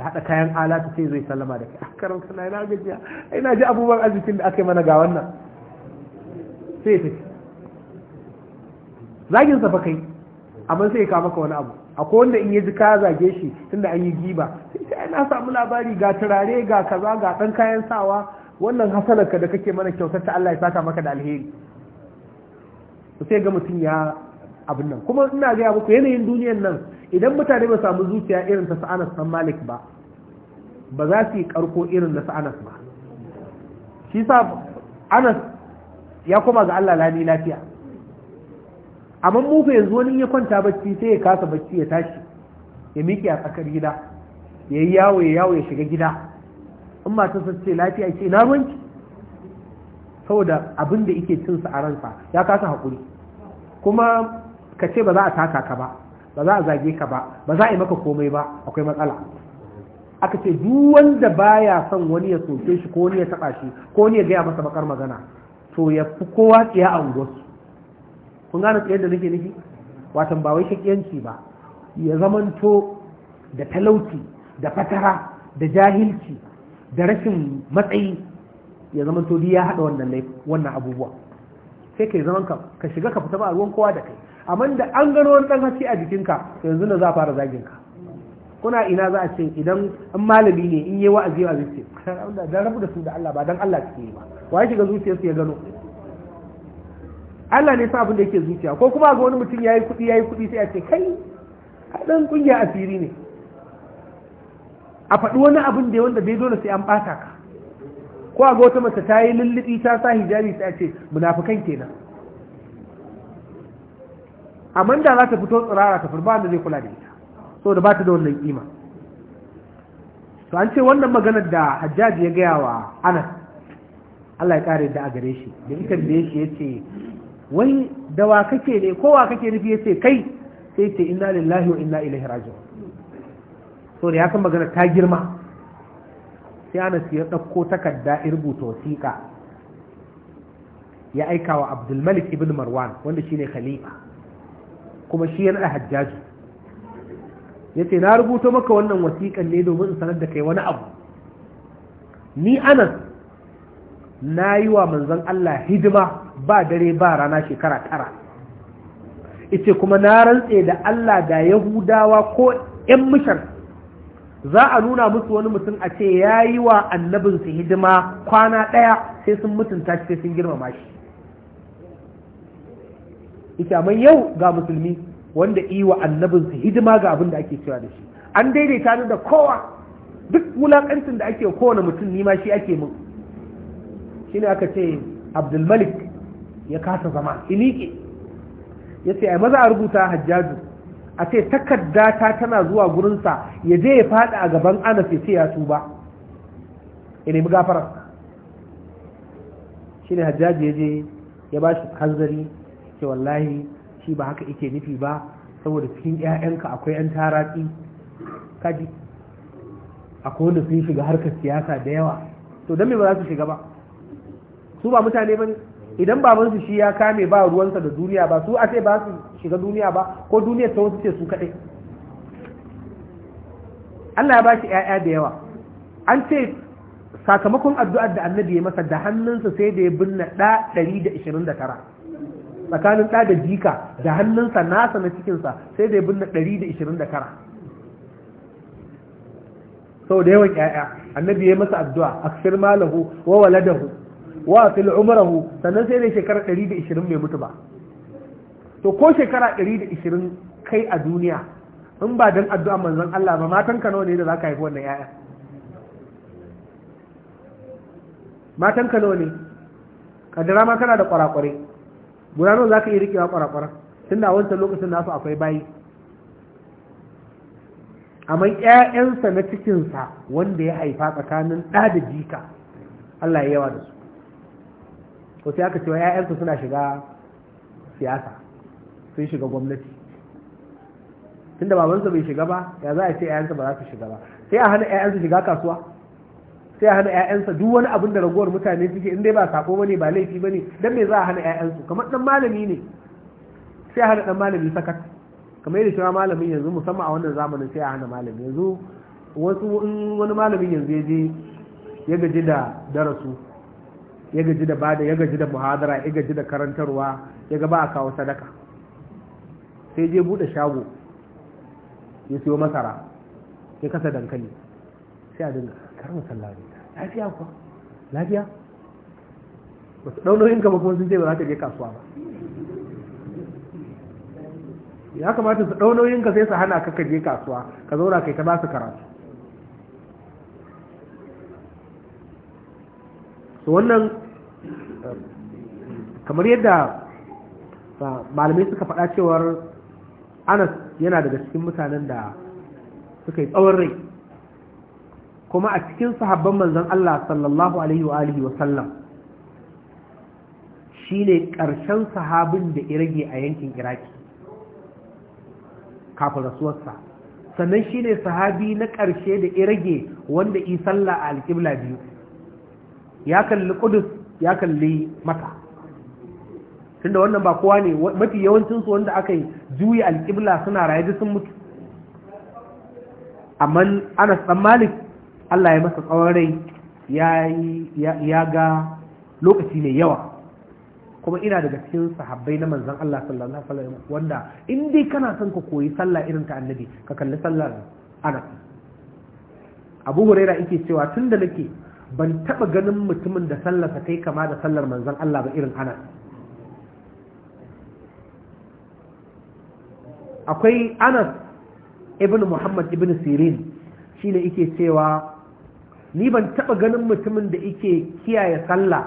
ya haɗa kayan alata sai zai sallama da kai ah, karan sana ina gajiya ina ji abubuwan arzikin da aka yi mana ga wannan sai ta ce zagin sa fa kai amma sai ya kawo maka wani abu akwai wanda in ya ji ka zage shi tunda an yi giba sai ce na samu labari ga turare ga kaza ga ɗan kayan sawa wannan hasalarka da kake mana kyautar ta Allah ya saka maka da alheri sai ga mutum ya abin nan kuma ina gaya muku yanayin duniyan nan idan mutane ba samu zuciya irin ta sa'anas san malik ba ba za su yi karko irin na sa'anas ba shi sa anas ya koma ga Allah lani lafiya amma mu fa yanzu wani ya kwanta bacci sai ya kasa bacci ya tashi ya miƙe a tsakar gida ya yi yawo ya yawo ya shiga gida in matarsa ce lafiya ce na ruwanki saboda abin da yake cinsa a ransa ya kasa haƙuri kuma ka ce ba za a taka ka ba ba za a zage ka ba ba za a yi maka komai ba akwai matsala aka ce duk wanda baya son wani ya soke shi ko wani ya taba shi ko wani ya gaya masa bakar magana to ya fi kowa tsiya a unguwarsu kun gane tsiyar da nake nufi watan ba wai shakiyanci ba ya zamanto da talauci da fatara da jahilci da rashin matsayi ya zamanto duk ya haɗa wannan abubuwa sai ka yi zaman ka ka shiga ka fita ba a ruwan kowa da kai amma da an gano wani dan haske a jikinka yanzu na za a fara zagin ka kuna ina za a ce idan an malami ne in yi wa'azi a zuciya dan rabu da su da Allah ba dan Allah ke yi ba wa shiga su ya gano Allah ne sa abin da yake zuciya ko kuma ga wani mutum yayi kuɗi yayi kuɗi sai a ce kai dan kungiya asiri ne a faɗi wani abin da wanda bai dole sai an ɓata ka ko a ga wata mace ta yi lullubi ta sa hijabi sai a ce munafikan kenan amma da za ta fito tsirara ta furba da zai kula da ita so da ba ta da wannan kima to an ce wannan maganar da hajjaji ya gaya wa anas Allah ya kare da a gare shi da ita da yake ya ce wai da wa kake ne Ko wa kake nufi ya ce kai sai ce inna lillahi wa inna ilaihi raji'un so da ya san maganar ta girma sai anas ya ɗauko takarda ya rubuta wasiƙa ya aika wa abdulmalik ibn marwan wanda shine khalifa kuma shi ya naɗa hajjaji ya ce na rubuta maka wannan wasiƙan ne domin in sanar da kai wani abu ni anas na yi wa manzan Allah hidima ba dare ba rana shekara tara ice kuma na rantse da Allah da yahudawa ko 'yan mishar za a nuna musu wani mutum a ce ya yi wa annabinsu hidima kwana ɗaya sai sun mutunta sai sun girmama shi ita mai yau ga musulmi wanda yi wa annabinsu hidima ga abin da ake cewa da shi an daidaita ni da kowa duk wulaƙancin da ake kowane mutum nima shi ake mun shi ne aka ce abdulmalik ya kasa zama ilike ya ce a maza a rubuta hajjaju a ce takarda ta tana zuwa gurinsa ya je ya faɗi a gaban anas ya ce ya tuba ya nemi gafarar shi ne hajjaji ya je ya ba shi hanzari ce wallahi shi ba haka ike nufi ba saboda cikin 'ya'yanka akwai 'yan taraki kaji akwai wanda sun shiga harkar siyasa da yawa to don me ba za su shiga ba su ba mutane ba ne idan babansu shi ya kame ba ruwansa da duniya ba su a ce ba su shiga duniya ba ko duniya ta wasu ce su kaɗai Allah ya ba shi ‘ya'ya da yawa an ce sakamakon addu'ar da annabi ya masa da hannunsa sai da ya binne ɗa 129 tsakanin ɗa da jika da hannunsa nasa na cikinsa sai da ya binne 129 sau da yawan ‘ya'ya annabi ya masa addu'a a malahu wa waladahu wa fil umrahu sannan sai dai shekara 120 bai mutu ba to ko shekara 120 kai a duniya in ba dan addu'a manzon Allah ba matan ka nawa ne da zaka haifi wannan yaya matan ka nawa ne kadara ma kana da kwarakware guda nawa zaka yi rikewa kwarakwara tunda a wancan lokacin nasu akwai bayi amma ƴaƴansa na cikinsa wanda ya haifa tsakanin ɗa da jika Allah ya yawa da su to sai aka cewa ‘ya'yansu suna shiga siyasa sun shiga gwamnati tunda babansa bai shiga ba ya za a ce ‘ya'yansa ba za su shiga ba sai a hana 'ya'yansa shiga kasuwa sai a hana ‘ya'yansa duk wani abin da raguwar mutane suke in dai ba sako bane ba laifi bane dan me za a hana ‘ya'yansu kamar dan malami ne sai a hana dan malami sakat kamar yadda cewa malamin yanzu musamman a wannan zamanin sai a hana malami yanzu wasu in wani malamin yanzu ya je ya gaji da darasu ya gaji da bada ya gaji da muhadara ya gaji da karantarwa ya ga ba a kawo sadaka sai je bude shago ya siyo masara ya kasa dankali sai a dinga kar musalla ne lafiya kuwa lafiya ba su ɗaunoyin ba kuma sun ce ba za ta je kasuwa ba ya kamata su ɗaunoyin ka sai su hana ka ka je kasuwa ka zauna kai ta ba su karatu to wannan kamar yadda malamai suka faɗa cewar anas yana daga cikin mutanen da suka yi tsawon rai kuma a cikin sahabban manzon Allah sallallahu alaihi wa alihi wa sallam ne ƙarshen sahabin da irage a yankin iraki kafin rasuwarsa sannan shi ne sahabi na ƙarshe da irage wanda isalla a alƙibla biyu ya kalli kudus ya kalli maka tunda wannan ba kowa ne mafi yawancinsu wanda aka yi juyi alƙibla suna raye da sun mutu amma anas dan malik Allah ya masa tsawon rai ya ga lokaci mai yawa kuma ina daga cikin sahabbai na manzan Allah sallallahu alaihi wasallam wanda in dai kana son ka koyi sallah irin ta annabi ka kalli sallar ana Abu Huraira yake cewa tun da nake ban taba ganin mutumin da sallarsa kai kama da sallar manzan Allah ba irin ana akwai ana ibn muhammad ibn sirin shi ne ike cewa ni ban taba ganin mutumin da ike kiyaye sallah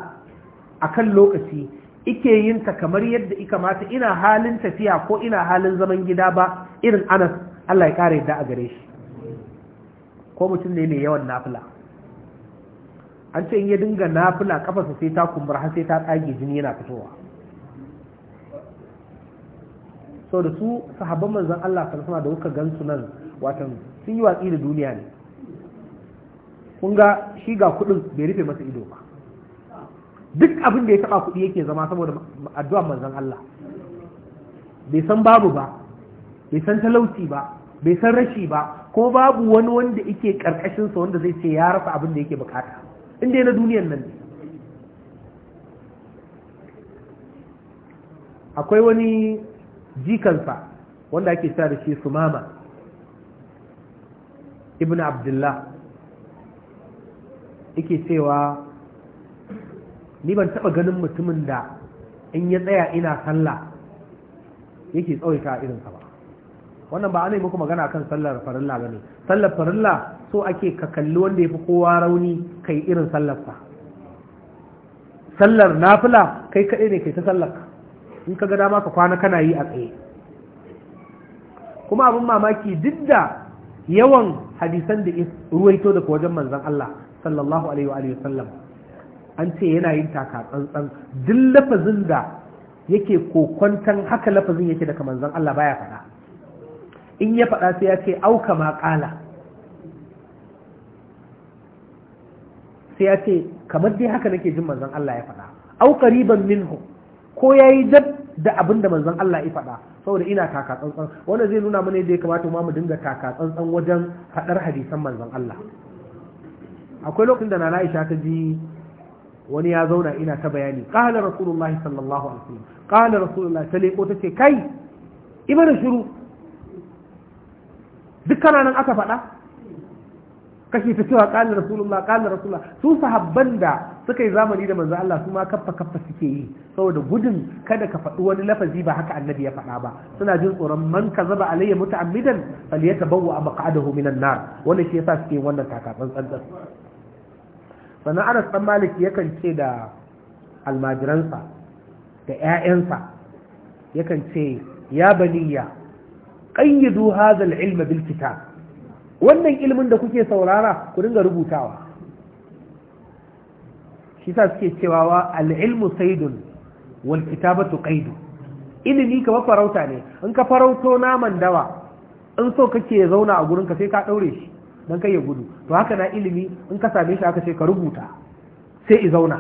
a kan lokaci ike yinta kamar yadda ika mata ina halin tafiya ko ina halin zaman gida ba irin anas Allah ya kare da a gare shi ko mutum ne mai yawan nafila an ce in ya dinga nafila kafasa sai ta kumbura har sai ta tsage jini yana fitowa so da su sahabban manzan Allah sallallahu da kuka gansu nan watan sun yi watsi da duniya ne kun ga shi ga kudin bai rufe masa ido ba duk abin da ya taba kudi yake zama saboda addu'a manzan Allah bai san babu ba bai san talauci ba bai san rashi ba ko babu wani wanda yake karkashin sa wanda zai ce ya rasa abin da yake bukata inda na duniyan nan akwai wani jikansa wanda ake sa da shi sumama ibn abdullah yake cewa ni ban taɓa ganin mutumin da in ya tsaya ina sallah yake tsawaita irinsa ba wannan ba ana yi muku magana kan sallar farilla ba ne sallar farilla so ake ka kalli wanda ya fi kowa rauni kai irin sallarsa sallar nafila kai kaɗai ne kai ta sallarka in ka ga dama ka kwana kana yi a tsaye kuma abin mamaki duk da yawan hadisan da ruwaito daga wajen manzan Allah sallallahu alaihi wa alihi sallam an ce yana yin taka tsantsan duk lafazin da yake kokwantan haka lafazin yake daga manzan Allah baya faɗa in ya faɗa sai ya ce auka ma ƙala sai ya ce kamar dai haka nake jin manzon Allah ya faɗa au qariban minhu ko yayi dab da abin da manzon Allah ya faɗa saboda ina taka tsantsan wanda zai nuna mana yadda ya kamata ma mu dinga taka tsantsan wajen faɗar hadisan manzon Allah akwai lokacin da na Aisha ta ji wani ya zauna ina ta bayani qala rasulullahi sallallahu alaihi wasallam qala rasulullahi ta leko tace kai ibada shiru duk kana nan aka faɗa kashi ta cewa qala rasulullah qala rasulullah su sahabban da suka yi zamani da manzo Allah su ma kaffa kaffa suke yi saboda gudun kada ka faɗi wani lafazi ba haka annabi ya faɗa ba suna jin tsoron man kazaba alayya muta'ammidan falyatabawwa maq'adahu minan nar wannan shi yasa suke wannan takatsan tsantsan sannan Anas dan Malik yakan ce da almajiransa da ƴaƴansa yakan ce ya baniya qayyidu hadha al-ilma bil kitab wannan ilimin da kuke saurara ku dinga rubutawa shi sa suke cewa wa al'ilmu saidun wal kitabatu qaidu ilimi ka farauta ne in ka farauto naman dawa in so kake zauna a gurin ka sai ka daure shi dan kai ya gudu to haka na ilimi in ka same shi aka ce ka rubuta sai i zauna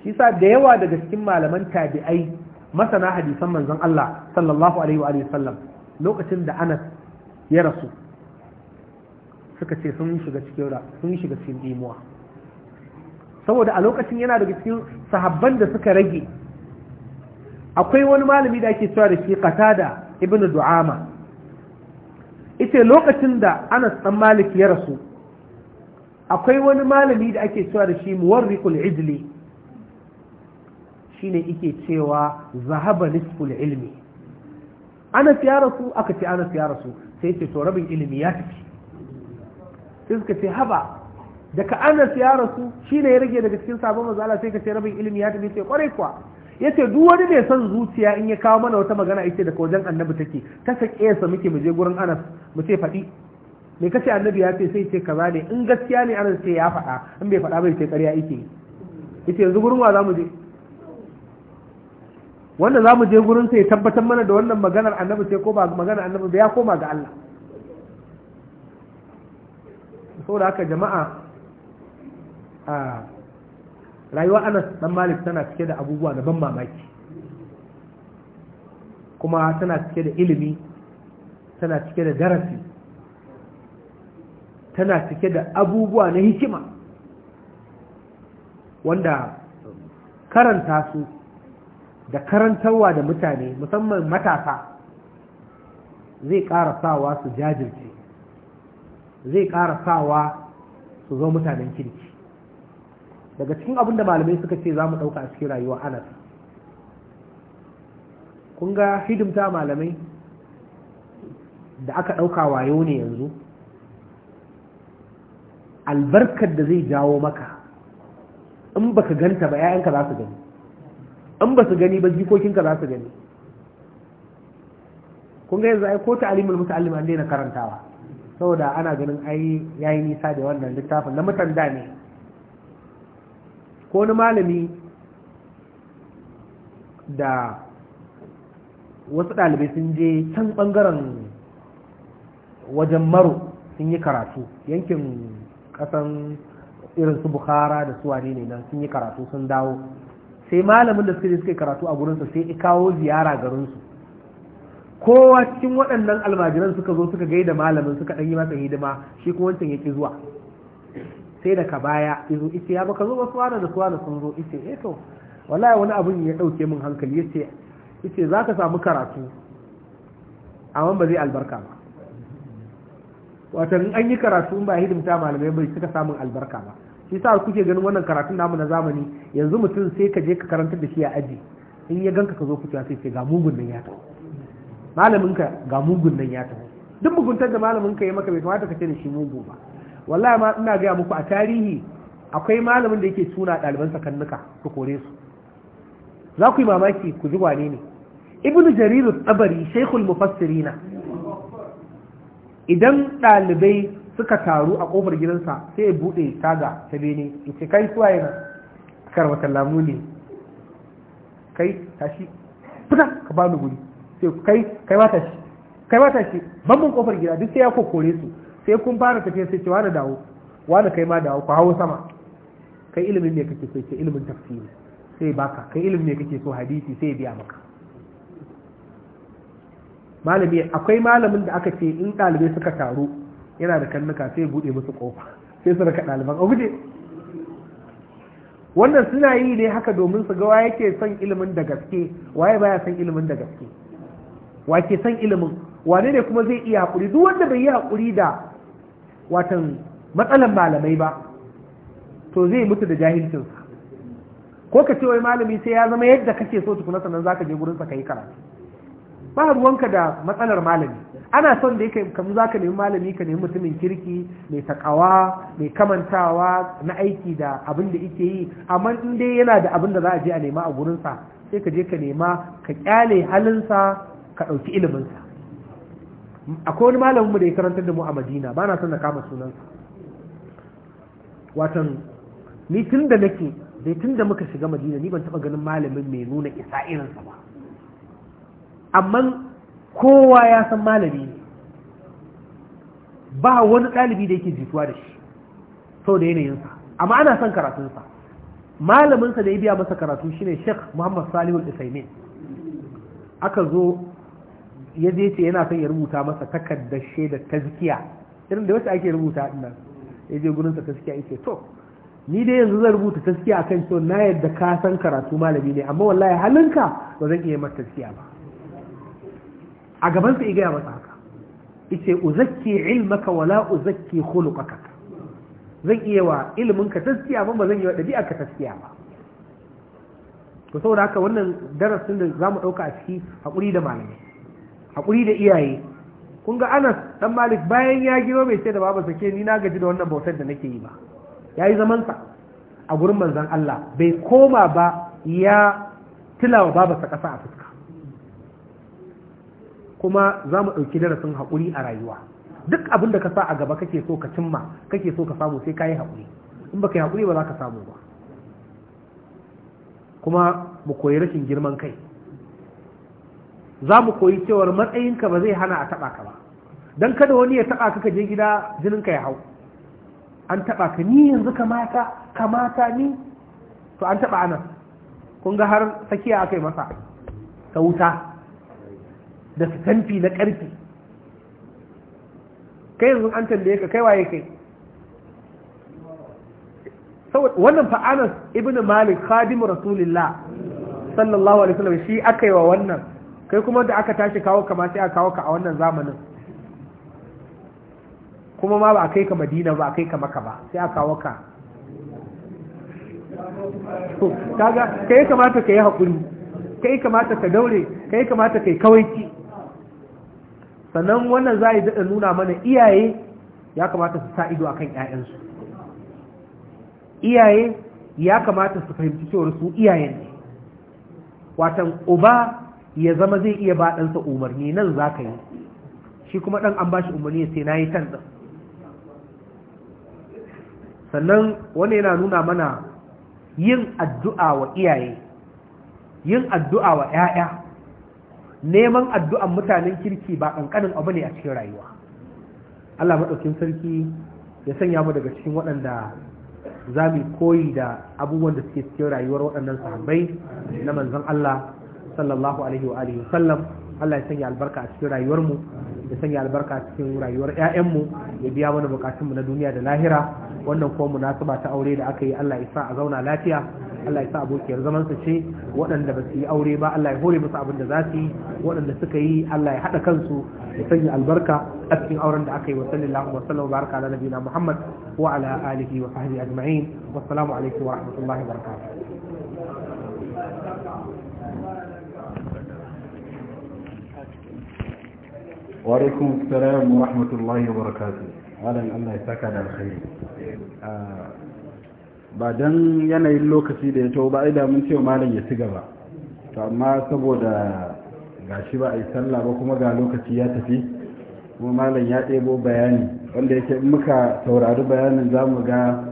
shi sa da yawa daga cikin malaman tabi'ai masana hadisan manzon Allah sallallahu alaihi wa sallam lokacin da Anas ya rasu suka ce sun shiga cikin ra sun shiga cikin dimuwa saboda a lokacin yana daga cikin sahabban da suka rage akwai wani malami da ake cewa da shi qatada ibnu du'ama ita lokacin da Anas dan Malik ya rasu akwai wani malami da ake cewa da shi muwarriqul ijli shine yake cewa zahaba nisful ilmi Anas ya rasu aka ce Anas ya rasu sai ce to rabin ilimi ya tafi sai suka ce haba daga ka anas ya rasu shine ya rage daga cikin sabon mazala sai ka ce rabin ilimi ya tafi sai kwarai kuwa yace duk wani mai son zuciya in ya kawo mana wata magana ita daga wajen annabi take ta sake sa muke muje je gurin anas mu ce faɗi me kace annabi ya ce sai ce kaza ne in gaskiya ne anas ce ya faɗa in bai faɗa bai ce ƙarya yake yace yanzu gurin wa zamu je wanda za mu je gurin ya tabbatar mana da wannan maganar annabi sai ko ba maganar annabi ba ya koma ga Allah saboda haka jama'a a rayuwa Anas dan Malik tana cike da abubuwa da ban mamaki kuma tana cike da ilimi tana cike da darasi tana cike da abubuwa na hikima wanda karanta su da karantarwa da mutane musamman matasa zai ƙara sawa su jajirce zai ƙara sawa su zo mutanen kirki daga cikin abin da malamai suka ce za mu ɗauka a cikin rayuwa anas kun ga hidimta malamai da aka ɗauka wayo ne yanzu albarkar da zai jawo maka in baka ganta ba 'ya'yanka za su gani an ba su gani ba jikokinka za su gani kun ga yanzu ai ko ta'alimul muta'allim an daina karantawa saboda ana ganin ai yayi nisa da wannan littafin na mutan da ne ko wani malami da wasu ɗalibai sun je can ɓangaren wajen maro sun yi karatu yankin ƙasan irin su bukhara da Suwani ne nan sun yi karatu sun dawo sai malamin da suka je suka karatu a gurinsa sai ya kawo ziyara garinsu kowa cikin waɗannan almajiran suka zo suka gaida malamin suka ɗan yi masa hidima shi kuma wancan ya ƙi zuwa sai daga baya zo ice ya baka zo ba suwana da suwana sun zo ice eh to wallahi wani abun ya ɗauke min hankali yace yace za ka samu karatu amma ba zai albarka ba wato in an yi karatu in ba hidimta malamai bai suka samun albarka ba shi sa kuke ganin wannan karatun namu na zamani yanzu mutum sai ka je ka karantar da shi a aji in ya ganka ka zo fitowa sai ce ga mugun nan ya tafi. malamin ka ga mugun nan ya tafi. duk muguntar da malamin ka ya maka bai kamata ka ce da shi mugu ba wallahi ma ina gaya muku a tarihi akwai malamin da yake suna ɗaliban sakannuka ku kore su za ku yi mamaki ku ji wane ne ibnu jarir tsabari shaikhul mufassirina idan ɗalibai suka taru a kofar gidansa sai ya bude taga ta bene in ce kai suwaye na kar wata lamu ne kai tashi fita ka bani guri sai kai kai ma tashi kai ma tashi bambun kofar gida duk sai ya kokore su sai kun fara tafiya sai ce wani dawo wani kai ma dawo ku hawo sama kai ilimin ne kake so ce ilimin tafsiri sai baka kai ilimin ne kake so hadisi sai biya maka malami akwai malamin da aka ce in ɗalibai suka taru yana da kalluka sai bude musu kofa sai su raka ɗaliban a guje wannan suna yi ne haka domin su ga waye ke son ilimin da gaske waye baya son ilimin da gaske wa ke son ilimin wane ne kuma zai iya haƙuri duk wanda bai yi haƙuri da watan matsalan malamai ba to zai mutu da jahilcinsa ko ka ce wai malami sai ya zama yadda kake so tukuna sannan zaka je gurinsa ka kai karatu ba ruwanka da matsalar malami ana son da yake kamu za ka nemi malami ka nemi mutumin kirki mai takawa mai kamantawa na aiki da abin da yake yi amma in dai yana da abin da za a je a nema a gurinsa sai ka je ka nema ka kyale halinsa ka ɗauki iliminsa akwai wani malamin mu da ya karantar da mu a madina ba na son na kama sunansa watan ni tun da nake dai tun da muka shiga madina ni ban taɓa ganin malamin mai nuna isa irinsa ba amma kowa ya san malami ne ba wani ɗalibi da yake jituwa da shi sau da yanayinsa amma ana son karatunsa malaminsa da ya biya masa karatu shi ne sheikh muhammad salihul isaimin aka zo ya je ce yana son ya rubuta masa takardar shaidar tazkiya irin da wacce ake rubuta nan ya je gurinsa tazkiya ya ce to ni dai yanzu zan rubuta taskiya akan cewa na yadda ka san karatu malami ne amma wallahi halinka ba zan iya mata taskiya ba a gabansa igaya masa haka ice uzakki ilmaka wala uzakki khuluqaka zan iya wa ka taskiya ban ba zan yi wa ka taskiya ba to saboda haka wannan darasin da zamu ɗauka a ciki haƙuri da malamai haƙuri da iyaye kun ga Anas dan Malik bayan ya giro bai ce da baba sake ni na gaji da wannan bautar da nake yi ba yayi zaman sa a gurin manzon Allah bai koma ba ya tilawa baba sa kasa a fuska kuma za mu ɗauki darasin haƙuri a rayuwa duk abin da ka sa a gaba kake so ka cimma kake so ka samu sai ka yi haƙuri in ba ka yi haƙuri ba za ka samu ba kuma mu koyi rashin girman kai za mu koyi cewar matsayinka ba zai hana a taɓa ka ba don kada wani ya taɓa ka ka je gida jininka ya hau an taɓa ka ni yanzu kamata kamata ni to an taɓa anan kun ga har tsakiya aka yi masa ta wuta da sitamfi na ƙarfi kai yanzu an tambaye ka kai waye kai wannan fa'anas, ibn Malik khadimu Rasulullah sallallahu alaihi wasallam shi aka yi wa wannan kai kuma da aka tashi kawo ka ma sai aka kawo ka a wannan zamanin kuma ma ba a kai ka Madina ba a kai ka maka ba sai aka kawo ka kaga kai kamata ka yi hakuri kai kamata ka daure kai kamata kai kawaici sannan wannan za a yi daɗa nuna mana iyaye ya kamata su sa ido akan ‘ya'yansu iyaye ya kamata su fahimci cewar su iyayen ne watan uba ya zama zai iya ba ɗansa umarni nan za ka yi shi kuma ɗan an ba shi umarni ya sai na yi can sannan wani yana nuna mana yin addu'a wa iyaye yin addu'a wa ‘ya'ya neman addu'an mutanen kirki ba ƙanƙanin abu ne a cikin rayuwa Allah maɗaukin sarki ya sanya mu daga cikin waɗanda za mu koyi da abubuwan da suke cikin rayuwar waɗannan sahabbai na manzon Allah sallallahu alaihi wa alihi sallam Allah ya sanya albarka a cikin rayuwar mu ya sanya albarka a cikin rayuwar ƴaƴan mu ya biya mana bukatun mu na duniya da lahira wannan ko munasaba ta aure da aka yi Allah ya sa a zauna lafiya Allah ya sa abokiyar zaman su ce waɗanda ba su yi aure ba Allah ya hore musu abin da za su yi waɗanda suka yi Allah ya haɗa kansu ya sanya albarka a cikin auren da aka yi wa sallallahu wa sallam baraka ala nabiyina Muhammad wa ala alihi wa sahbihi ajma'in wassalamu alaikum wa rahmatullahi wa barakatuh wa alaikum assalam wa rahmatullahi wa barakatuh Allah ya saka da alkhairi ah, ba don yanayin lokaci da ya taho ba da mun ce malam ya ci gaba to amma saboda gashi ba a yi sallah ba kuma ga lokaci ya tafi kuma malam ya ɗebo bayani wanda yake muka saurari bayanin za mu ga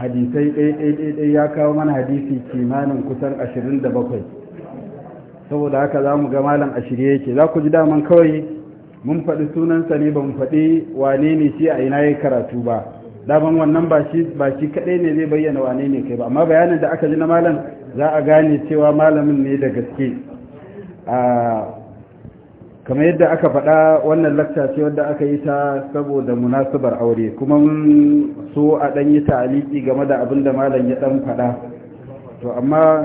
hadisai ɗaiɗaiɗai ya kawo mana hadisi kimanin kusan ashirin da bakwai saboda haka za mu ga malam a shirye yake za ku ji daman kawai mun faɗi sunansa ne ba mu faɗi wane ne shi a ina ya karatu ba daban wannan ba shi ba shi kadai ne zai bayyana wane ne kai ba amma bayanin da aka ji na malam za a gane cewa malamin ne da gaske a kamar yadda aka faɗa wannan lakta ce wadda aka yi ta saboda munasabar aure kuma so a ɗan yi aliki game da abin da malam ya ɗan faɗa to amma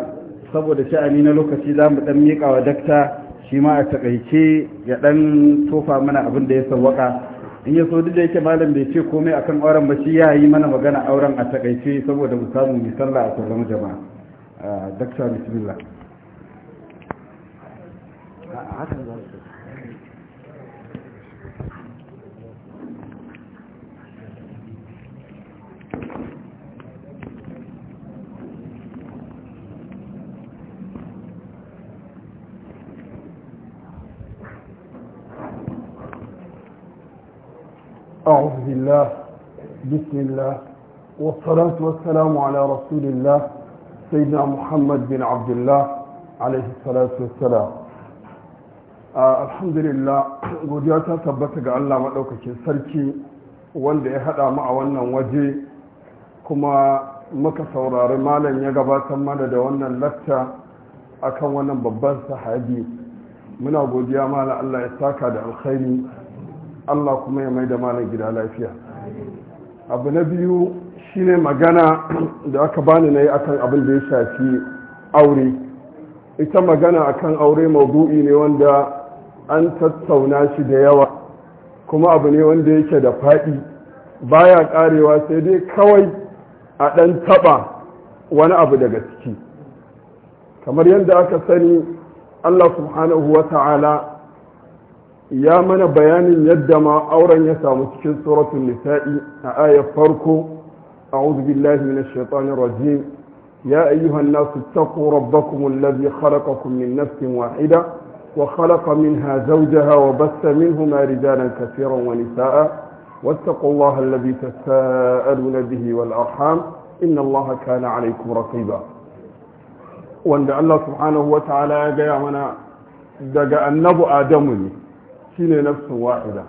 saboda sha'ani na lokaci za mu ɗan miƙa wa dakta shi ma a taƙaice ya ɗan tofa mana abin da ya sawwaƙa in ya so duk da yake malam bai ce komai akan auren ba shi ya yi mana magana auren a takaice saboda mu samu mu sallah a sauran jama'a ah, dakta bismillah ah, أعوذ بالله بسم الله والصلاة والسلام على رسول الله سيدنا محمد بن عبد الله عليه الصلاة والسلام godiya ta tabbata ga Allah maɗaukacin sarki wanda ya haɗa mu a wannan waje kuma muka saurari malam ya gabatar mana da wannan lacca akan wannan babban sahabi muna godiya malam Allah ya saka da alkhairi Allah kuma ya mai da malam gida lafiya abu na biyu shine magana da aka bani na yi akan abin da ya shafi aure ita magana akan aure maudu'i ne wanda an tattauna shi da yawa kuma abu ne wanda yake da faɗi baya karewa sai dai kawai a ɗan taɓa wani abu daga ciki kamar yadda aka sani Allah subhanahu wa ta'ala ya mana bayanin yadda ma auren ya samu cikin suratul nisa'i a ayar farko a'udhu billahi minash shaitanir rajim ya ayyuhan nasu taqu rabbakum alladhi khalaqakum min nafsin wahida wa khalaqa minha zawjaha wa bassa minhuma rijalan katiran wa nisaa واتقوا الله الذي تساءلون به والأرحام إن الله كان عليكم رقيبا وأن الله سبحانه وتعالى يقول daga annabu adamu ne shine nafsin wa'ida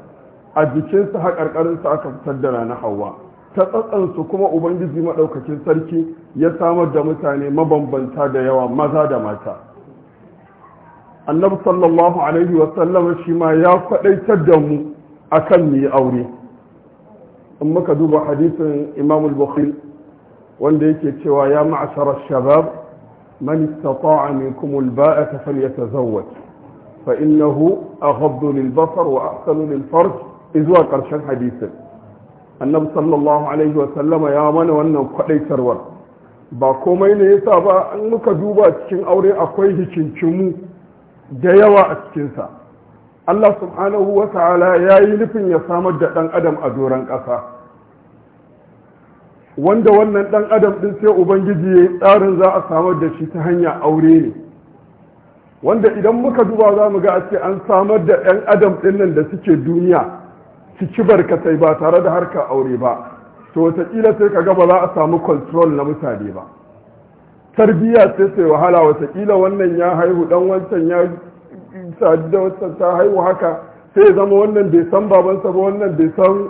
a jikinsa haƙarƙarinsa aka fitar da na hawa ta tsatsansu kuma ubangiji maɗaukakin sarki ya samar da mutane mabambanta da yawa maza da mata annabi sallallahu alaihi wasallama shi ma ya faɗaitar da mu akan mu yi aure in muka duba hadisin imamul al-bukhari wanda yake cewa ya ma'ashara shabab man istata'a minkum al-ba'a falyatazawwaj Fa'innahu أغض للبصر وأحسن للفرج إذ وقرشا حديثا النبي صلى الله عليه وسلم يا من وأنه ba komai ne yasa ba in muka duba cikin aure akwai hikincimu da yawa a cikinsa Allah subhanahu wa ta'ala ya yi nufin ya samar da ɗan adam a doron ƙasa wanda wannan ɗan adam ɗin sai ubangiji ya yi tsarin za a samar da shi ta hanya aure wanda idan muka duba za mu ga a ce an samar da 'yan adam ɗinnan da suke duniya su ci barkatai ba tare da harka aure ba to wataƙila sai ka gaba za a samu control na mutane ba tarbiyya sai sai wahala watakila wannan ya haihu dan wancan ya sadu da wancan ta haihu haka sai zama wannan bai san babansa ba wannan bai san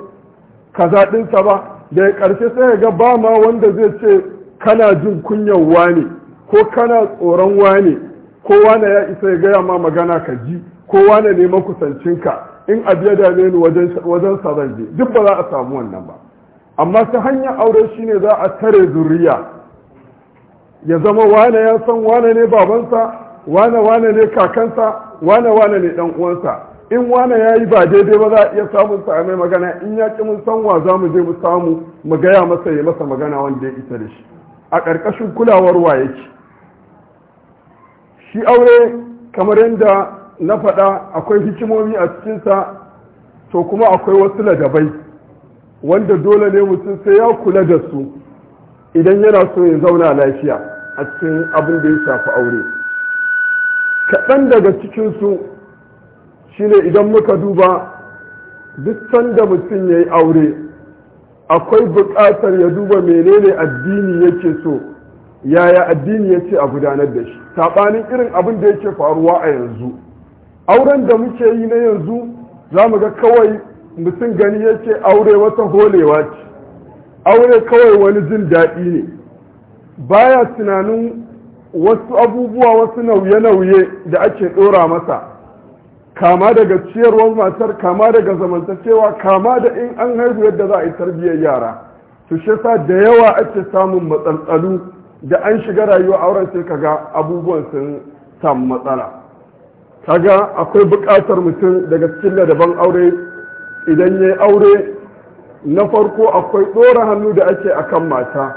kaza ɗinsa ba da ya ƙarshe sai ga ba ma wanda zai ce kana jin kunyan wane ko kana tsoron wane kowa na ya isa ya gaya ma magana ka ji kowa na neman kusancinka in abiya da ne ni wajen sa zan je duk ba za a samu wannan ba amma ta hanyar aure shi ne za a tare zuriya ya zama wane ya san wane ne babansa wane wane ne kakansa wane wane ne dan uwansa in wane ya yi ba daidai ba za a iya samun sa mai magana in ya ki mun san wa za mu je mu samu mu gaya masa ya masa magana wanda ya isa da shi a ƙarƙashin kulawar wa yake shi aure kamar yadda na faɗa akwai hikimomi a cikinsa to kuma akwai wasu ladabai wanda dole ne mutum sai ya kula da su idan yana so ya zauna lafiya a cikin abin da ya shafi aure kaɗan daga cikinsu shine idan muka duba duk sanda mutum ya yi aure akwai buƙatar ya duba menene addini yake so yaya addini ya ce a gudanar da shi saɓanin irin abin da yake faruwa a yanzu auren da muke yi na yanzu za mu ga kawai mutum gani ya aure wata holewa ce aure kawai wani jin daɗi ne baya tunanin wasu abubuwa wasu nauye-nauye da ake ɗora masa kama daga ciyarwar matar kama daga zamantakewa kama da in an haihu yadda za a yi tarbiyyar yara su shi da yawa ake samun matsaltsalu da an shiga rayuwa auren sai kaga abubuwan sun samu matsala kaga akwai buƙatar mutum daga cikin ladaban aure idan ya aure na farko akwai ɗora hannu da ake akan mata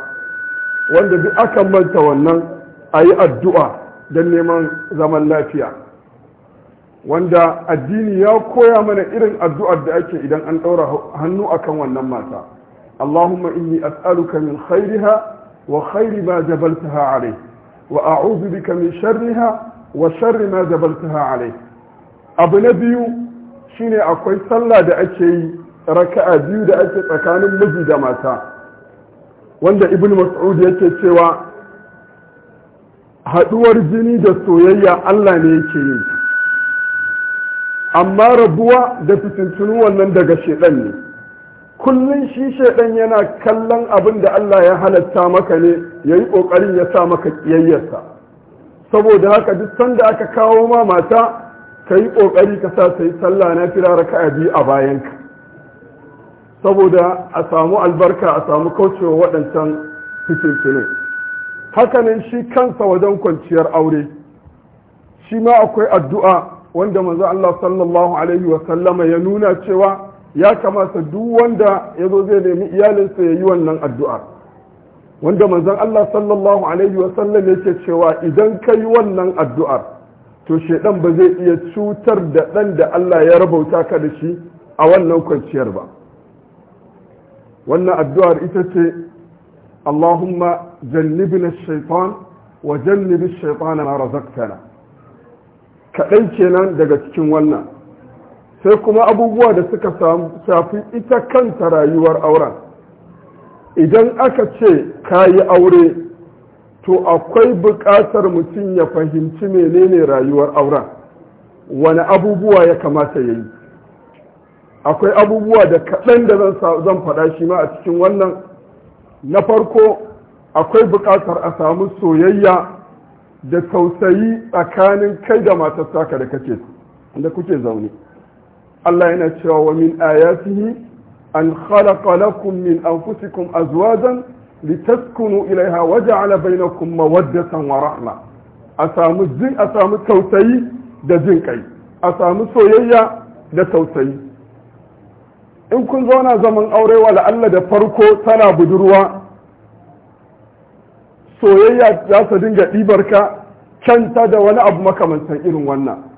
wanda duk akan manta wannan a yi addu'a don neman zaman lafiya wanda addini ya koya mana irin addu'ar da ake idan an ɗora hannu akan wannan mata allahumma inni as'aluka min khairiha وخير ما جبلتها عليه وأعوذ بك من شرها وشر ما جبلتها عليه abu na biyu shine akwai sallah da ake yi raka'a biyu da ake tsakanin miji da mata wanda ibn mas'ud yake cewa haɗuwar jini da soyayya Allah ne yake yi amma rabuwa da fitintunu wannan daga shedan ne kullum shi shaidan yana kallon abin da Allah ya halatta maka ne ya yi ƙoƙarin ya sa maka ƙiyayyarsa saboda haka duk sanda aka kawo ma mata ka yi ƙoƙari ka sa ta sallah na fira raka biyu a bayanka saboda a samu albarka a samu kaucewa waɗancan fikinkinin hakanan shi kansa wajen kwanciyar aure shi ma akwai addu'a wanda manzo Allah sallallahu alaihi wa sallama ya nuna cewa ya kamata duk wanda ya zo zai nemi iyalinsa ya yi wannan addu'a wanda manzon Allah sallallahu alaihi wasallam ce cewa idan ka yi wannan addu'ar to shaidan ba zai iya cutar da ɗan da Allah ya rabauta ka da shi a wannan kwanciyar ba wannan addu'ar ita ce Allahumma jannibna shaitan wa jannibi shaitana na razaktana kaɗai kenan daga cikin wannan sai kuma abubuwa da suka shafi ita kanta rayuwar auren idan aka ce ka yi aure to akwai buƙatar mutum ya fahimci menene rayuwar auren wani abubuwa ya kamata ya yi akwai abubuwa da kaɗan da zan faɗa shi ma a cikin wannan na farko akwai buƙatar a samu soyayya da tausayi tsakanin kai da matar da kake da kuke zaune Allah yana cewa wa min ayatihi an khalaqa lakum min anfusikum azwajan litaskunu ilaiha wa ja'ala bainakum mawaddatan wa rahma a samu jin a samu tausayi da jin kai a samu soyayya da tausayi in kun zauna zaman aure wa la'alla da farko tana budurwa soyayya za ta dinga ɗibarka canta da wani abu makamantan irin wannan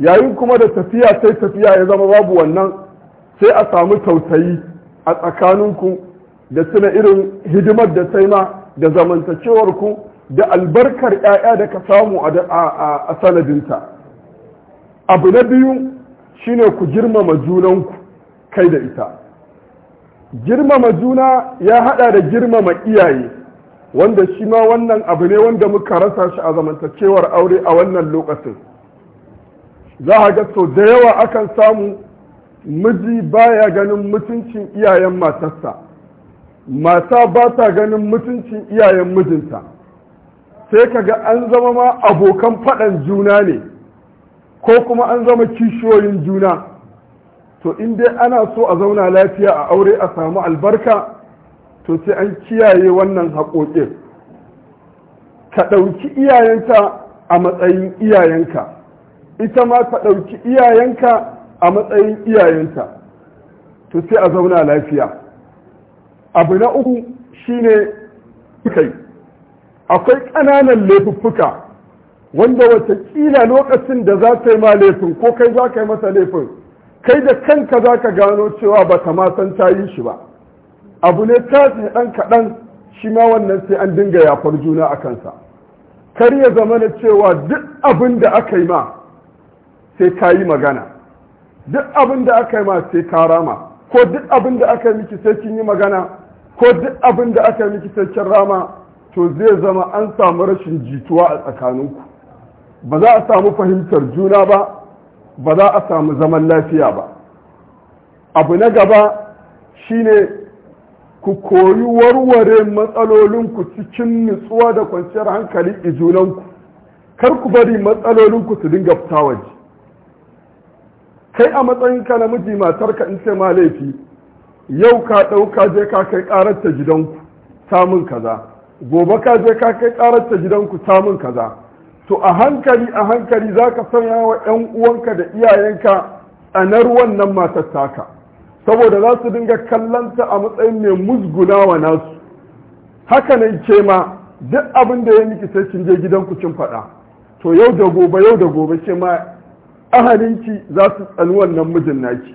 yayin kuma da tafiya sai tafiya ya zama babu wannan sai a samu tausayi a tsakaninku da suna irin hidimar da sai ma da zamantakewarku da albarkar 'ya'ya da ka samu a sanadinta abu na biyu shine ku girmama junanku kai da ita girmama juna ya haɗa da girmama iyaye wanda shi ma wannan abu ne wanda muka rasa shi a zamantakewar aure a wannan lokacin za a ga sau da yawa akan samu miji baya ganin mutuncin iyayen matarsa mata ba ta ganin mutuncin iyayen mijinta sai ka ga an zama ma abokan faɗan juna ne ko kuma an zama kishiyoyin juna to in dai ana so a zauna lafiya a aure a samu albarka to sai an kiyaye wannan haƙoƙin ka ɗauki iyayenta a matsayin iyayenka ita ma ka ɗauki iyayenka a matsayin iyayenta to sai a zauna lafiya abu na uku shine kai akwai ƙananan laifuffuka wanda watakila lokacin da za ta yi ma laifin ko kai za ka yi masa laifin kai da kanka za ka gano cewa ba ta san ta yi shi ba abu ne ta ɗan kaɗan shi ma wannan sai an dinga yafar juna a kansa kar ya zama na cewa duk abin da aka yi ma sai ka yi magana duk abin da aka yi ma sai ka rama ko duk abin da aka yi miki sai kin yi magana ko duk abin da aka yi miki sai kin rama to zai zama an samu rashin jituwa a tsakaninku ba za a samu fahimtar juna ba ba za a samu zaman lafiya ba abu na gaba shine ku koyi warware matsalolinku cikin nutsuwa da kwanciyar hankali junanku kar ku bari matsalolinku su dinga fita waje kai a matsayin ka na miji matarka in ce ma laifi yau ka ɗauka je ka kai ƙarar ta gidanku samun kaza gobe ka je ka kai ƙarar ta gidanku samun kaza to a hankali a hankali za ka sanya wa 'yan uwanka da iyayenka tsanar wannan matar taka saboda za su dinga kallanta a matsayin mai musgunawa nasu haka nan ke ma duk abin da ya miki sai kin je gidanku kin faɗa to yau da gobe yau da gobe ke ma ahalinki za su tsani wannan mijin naki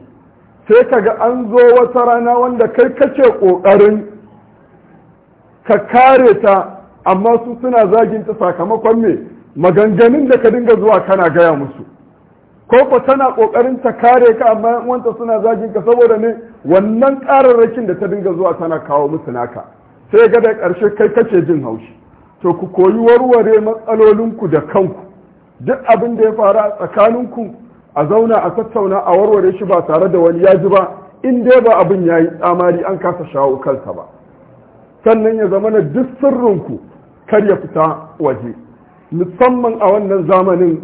sai ka ga an zo wata rana wanda kai kace ƙoƙarin ka kare ta amma su suna zagin ta sakamakon me maganganun da ka dinga zuwa kana gaya musu ko ko tana ƙoƙarin ta kare ka amma wanta suna zagin ka saboda ne wannan ƙararrakin da ta dinga zuwa tana kawo musu naka sai ga da karshe kai kace jin haushi to ku koyi warware matsalolinku da kanku duk abin da ya faru a tsakaninku a zauna a tattauna a warware shi ba tare da wani ya ji ba in dai ba abin ya yi tsamari an kasa shawo kansa ba sannan ya zama na duk sirrinku kar ya fita waje musamman a wannan zamanin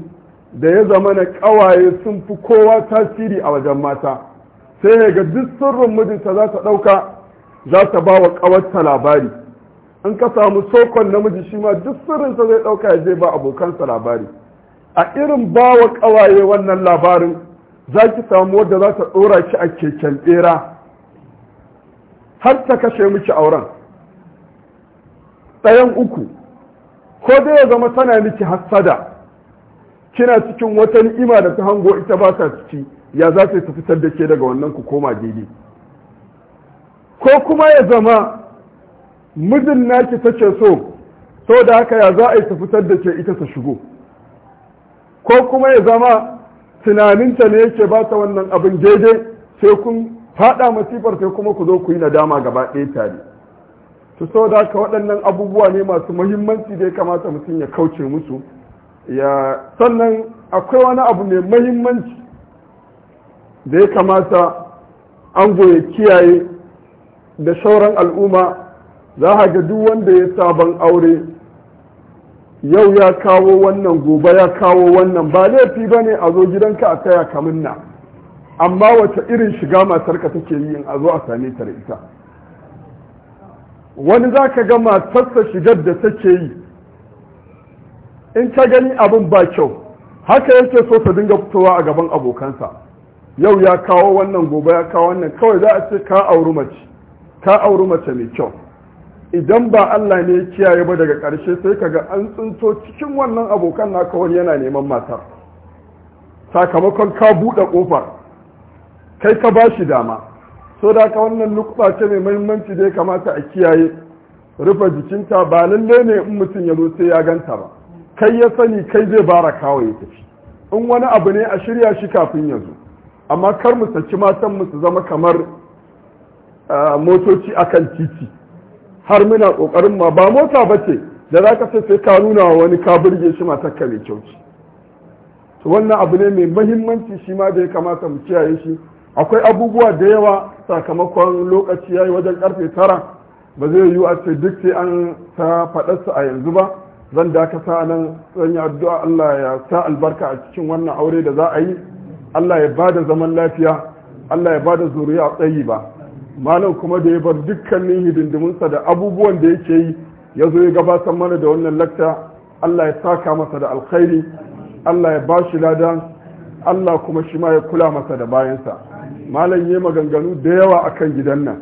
da ya zama na ƙawaye sun fi kowa tasiri a wajen mata sai ya ga duk sirrin mijinta za ta ɗauka za ta ba wa ƙawarta labari in ka samu sokon namiji shi ma duk sirrinsa zai ɗauka ya je ba abokansa labari a irin bawa ƙawaye wannan labarin za ki samu wadda za ta ɗora ki a keken ɓera har ta kashe miki auren ɗayan uku ko dai ya zama tana miki hassada kina cikin wata ni'ima da ta hango ita ba ta ciki ya za ta fitar da ke daga wannan ku koma daidai ko kuma ya zama mijin naki take so sau da haka ya za a yi ta fitar da ke ita ta shigo ko kuma ya zama tunaninta ne yake ba ta wannan abin daidai sai kun faɗa masifar sai kuma ku zo ku yi nadama gaba ɗaya tare to da haka waɗannan abubuwa ne masu muhimmanci da ya kamata mutum ya kauce musu ya sannan akwai wani abu mai muhimmanci da ya kamata an ya kiyaye da sauran al'umma za ga duk wanda ya sabon aure yau ya kawo wannan gobe ya kawo wannan ba laifi ba ne a zo gidanka a kaya kamun na amma wata irin shiga matarka take yi in a zo a same ta da ita wani za ka ga matarsa shigar da take yi in ta gani abin ba kyau haka yake so ta dinga fitowa a gaban abokansa yau ya kawo wannan gobe ya kawo wannan kawai za a ce ka auri mace ka auri mace mai kyau idan ba Allah ne ya kiyaye ba daga ƙarshe sai ka ga an tsinto cikin wannan abokan naka wani yana neman matar sakamakon ka buɗe ƙofar kai ka ba shi dama so da ka wannan nukba ce mai mahimmanci da ya kamata a kiyaye rufe jikinta ba lalle ne in mutum ya zo sai ya ganta ba kai ya sani kai zai bara kawo ya tafi in wani abu ne a shirya shi kafin ya zo amma kar mu saki matan mu su zama kamar ah, motoci akan titi har muna kokarin ma ba mota ba ce da za ka sai ka nuna wa wani ka burge shi matakka mai kyau to wannan abu ne mai mahimmanci shi ma da ya kamata mu kiyaye shi akwai abubuwa da yawa sakamakon lokaci yayi wajen karfe tara ba zai yiwu a ce duk sai an ta faɗarsa a yanzu ba zan sa nan zan yi addu'a Allah ya sa albarka a cikin wannan aure da za a yi Allah ya bada zaman lafiya Allah ya bada zuriya tsayi ba malam kuma da ya bar dukkanin hidindiminsa da abubuwan da yake yi ya zo ya gabatar mana da wannan lakta Allah ya saka masa da alkhairi Allah ya ba shi lada Allah kuma shi ma ya kula masa da bayansa malam ya maganganu da yawa a kan gidan nan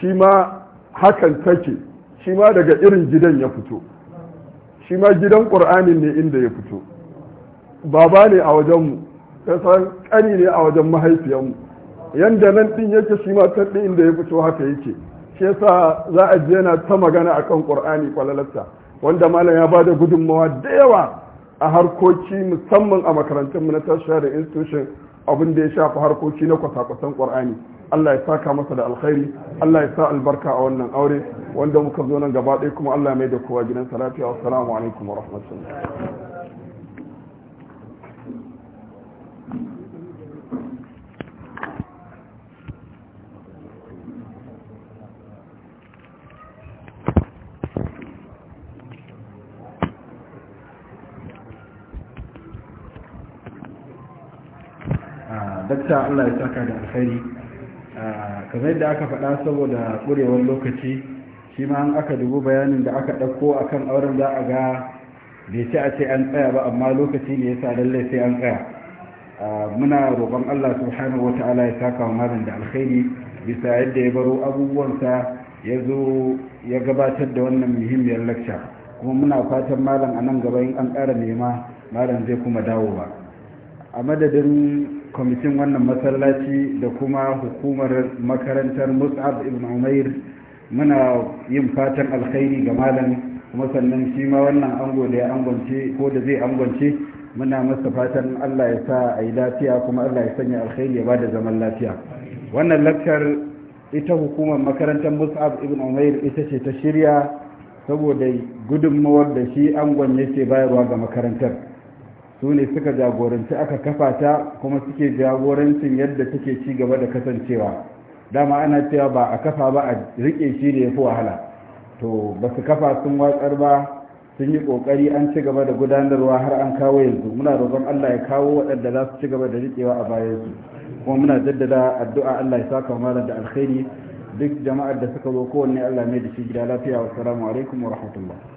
shi ma hakan take shi ma daga irin gidan ya fito shi ma gidan ƙur'anin ne inda ya fito baba ne a wajenmu ƙani ne a wajen mahaifiyarmu yanda nan din yake shi ma can din inda ya fito haka yake shi yasa za a je yana ta magana akan qur'ani kwalalarsa wanda malam ya bada gudunmawa da yawa a harkoki musamman a makarantun mu na tertiary institution abin da ya shafi harkoki na kwasa-kwasan qur'ani Allah ya saka masa da alkhairi Allah ya sa albarka a wannan aure wanda muka zo nan gaba ɗaya kuma Allah mai da kowa gidan salati assalamu alaikum wa rahmatullahi dakta Allah ya saka da alkhairi ah, kamar yadda aka faɗa saboda ƙurewar lokaci shi ma an aka dubu bayanin da aka ɗauko a kan auren za a ga bai ce a ce an tsaya ba amma lokaci ne ya sa lallai sai an tsaya ah, muna roƙon Allah subhanahu wa ta'ala ya saka wa malam da alkhairi bisa yadda ya baro abubuwansa ya zo ya gabatar da wannan muhimmiyar lakca kuma muna fatan malam a nan gaba in an ƙara nema malam zai kuma dawo ba a madadin kwamitin wannan masallaci da kuma hukumar makarantar mus'ab ibn umair muna yin fatan alkhairi ga malam kuma sannan shi ma wannan ango da ya angwance ko da zai angwance muna masa fatan allah ya sa a yi lafiya kuma allah ya sanya alkhairi ya ba da zaman lafiya wannan lakcar ita hukumar makarantar mus'ab ibn umair ita ce ta shirya saboda gudunmawar da shi angon yake bayarwa ga makarantar su ne suka jagoranci aka kafa ta kuma suke jagorancin yadda take ci gaba da kasancewa dama ana cewa ba a kafa ba a rike shi ne ya fi wahala to ba su kafa sun watsar ba sun yi kokari an ci gaba da gudanarwa har an kawo yanzu muna roƙon Allah ya kawo waɗanda za su ci gaba da rikewa a bayan su kuma muna jaddada addu'a Allah ya saka malam da alkhairi duk jama'ar da suka zo kowanne Allah mai da shi gida lafiya wa alaikum wa rahmatullah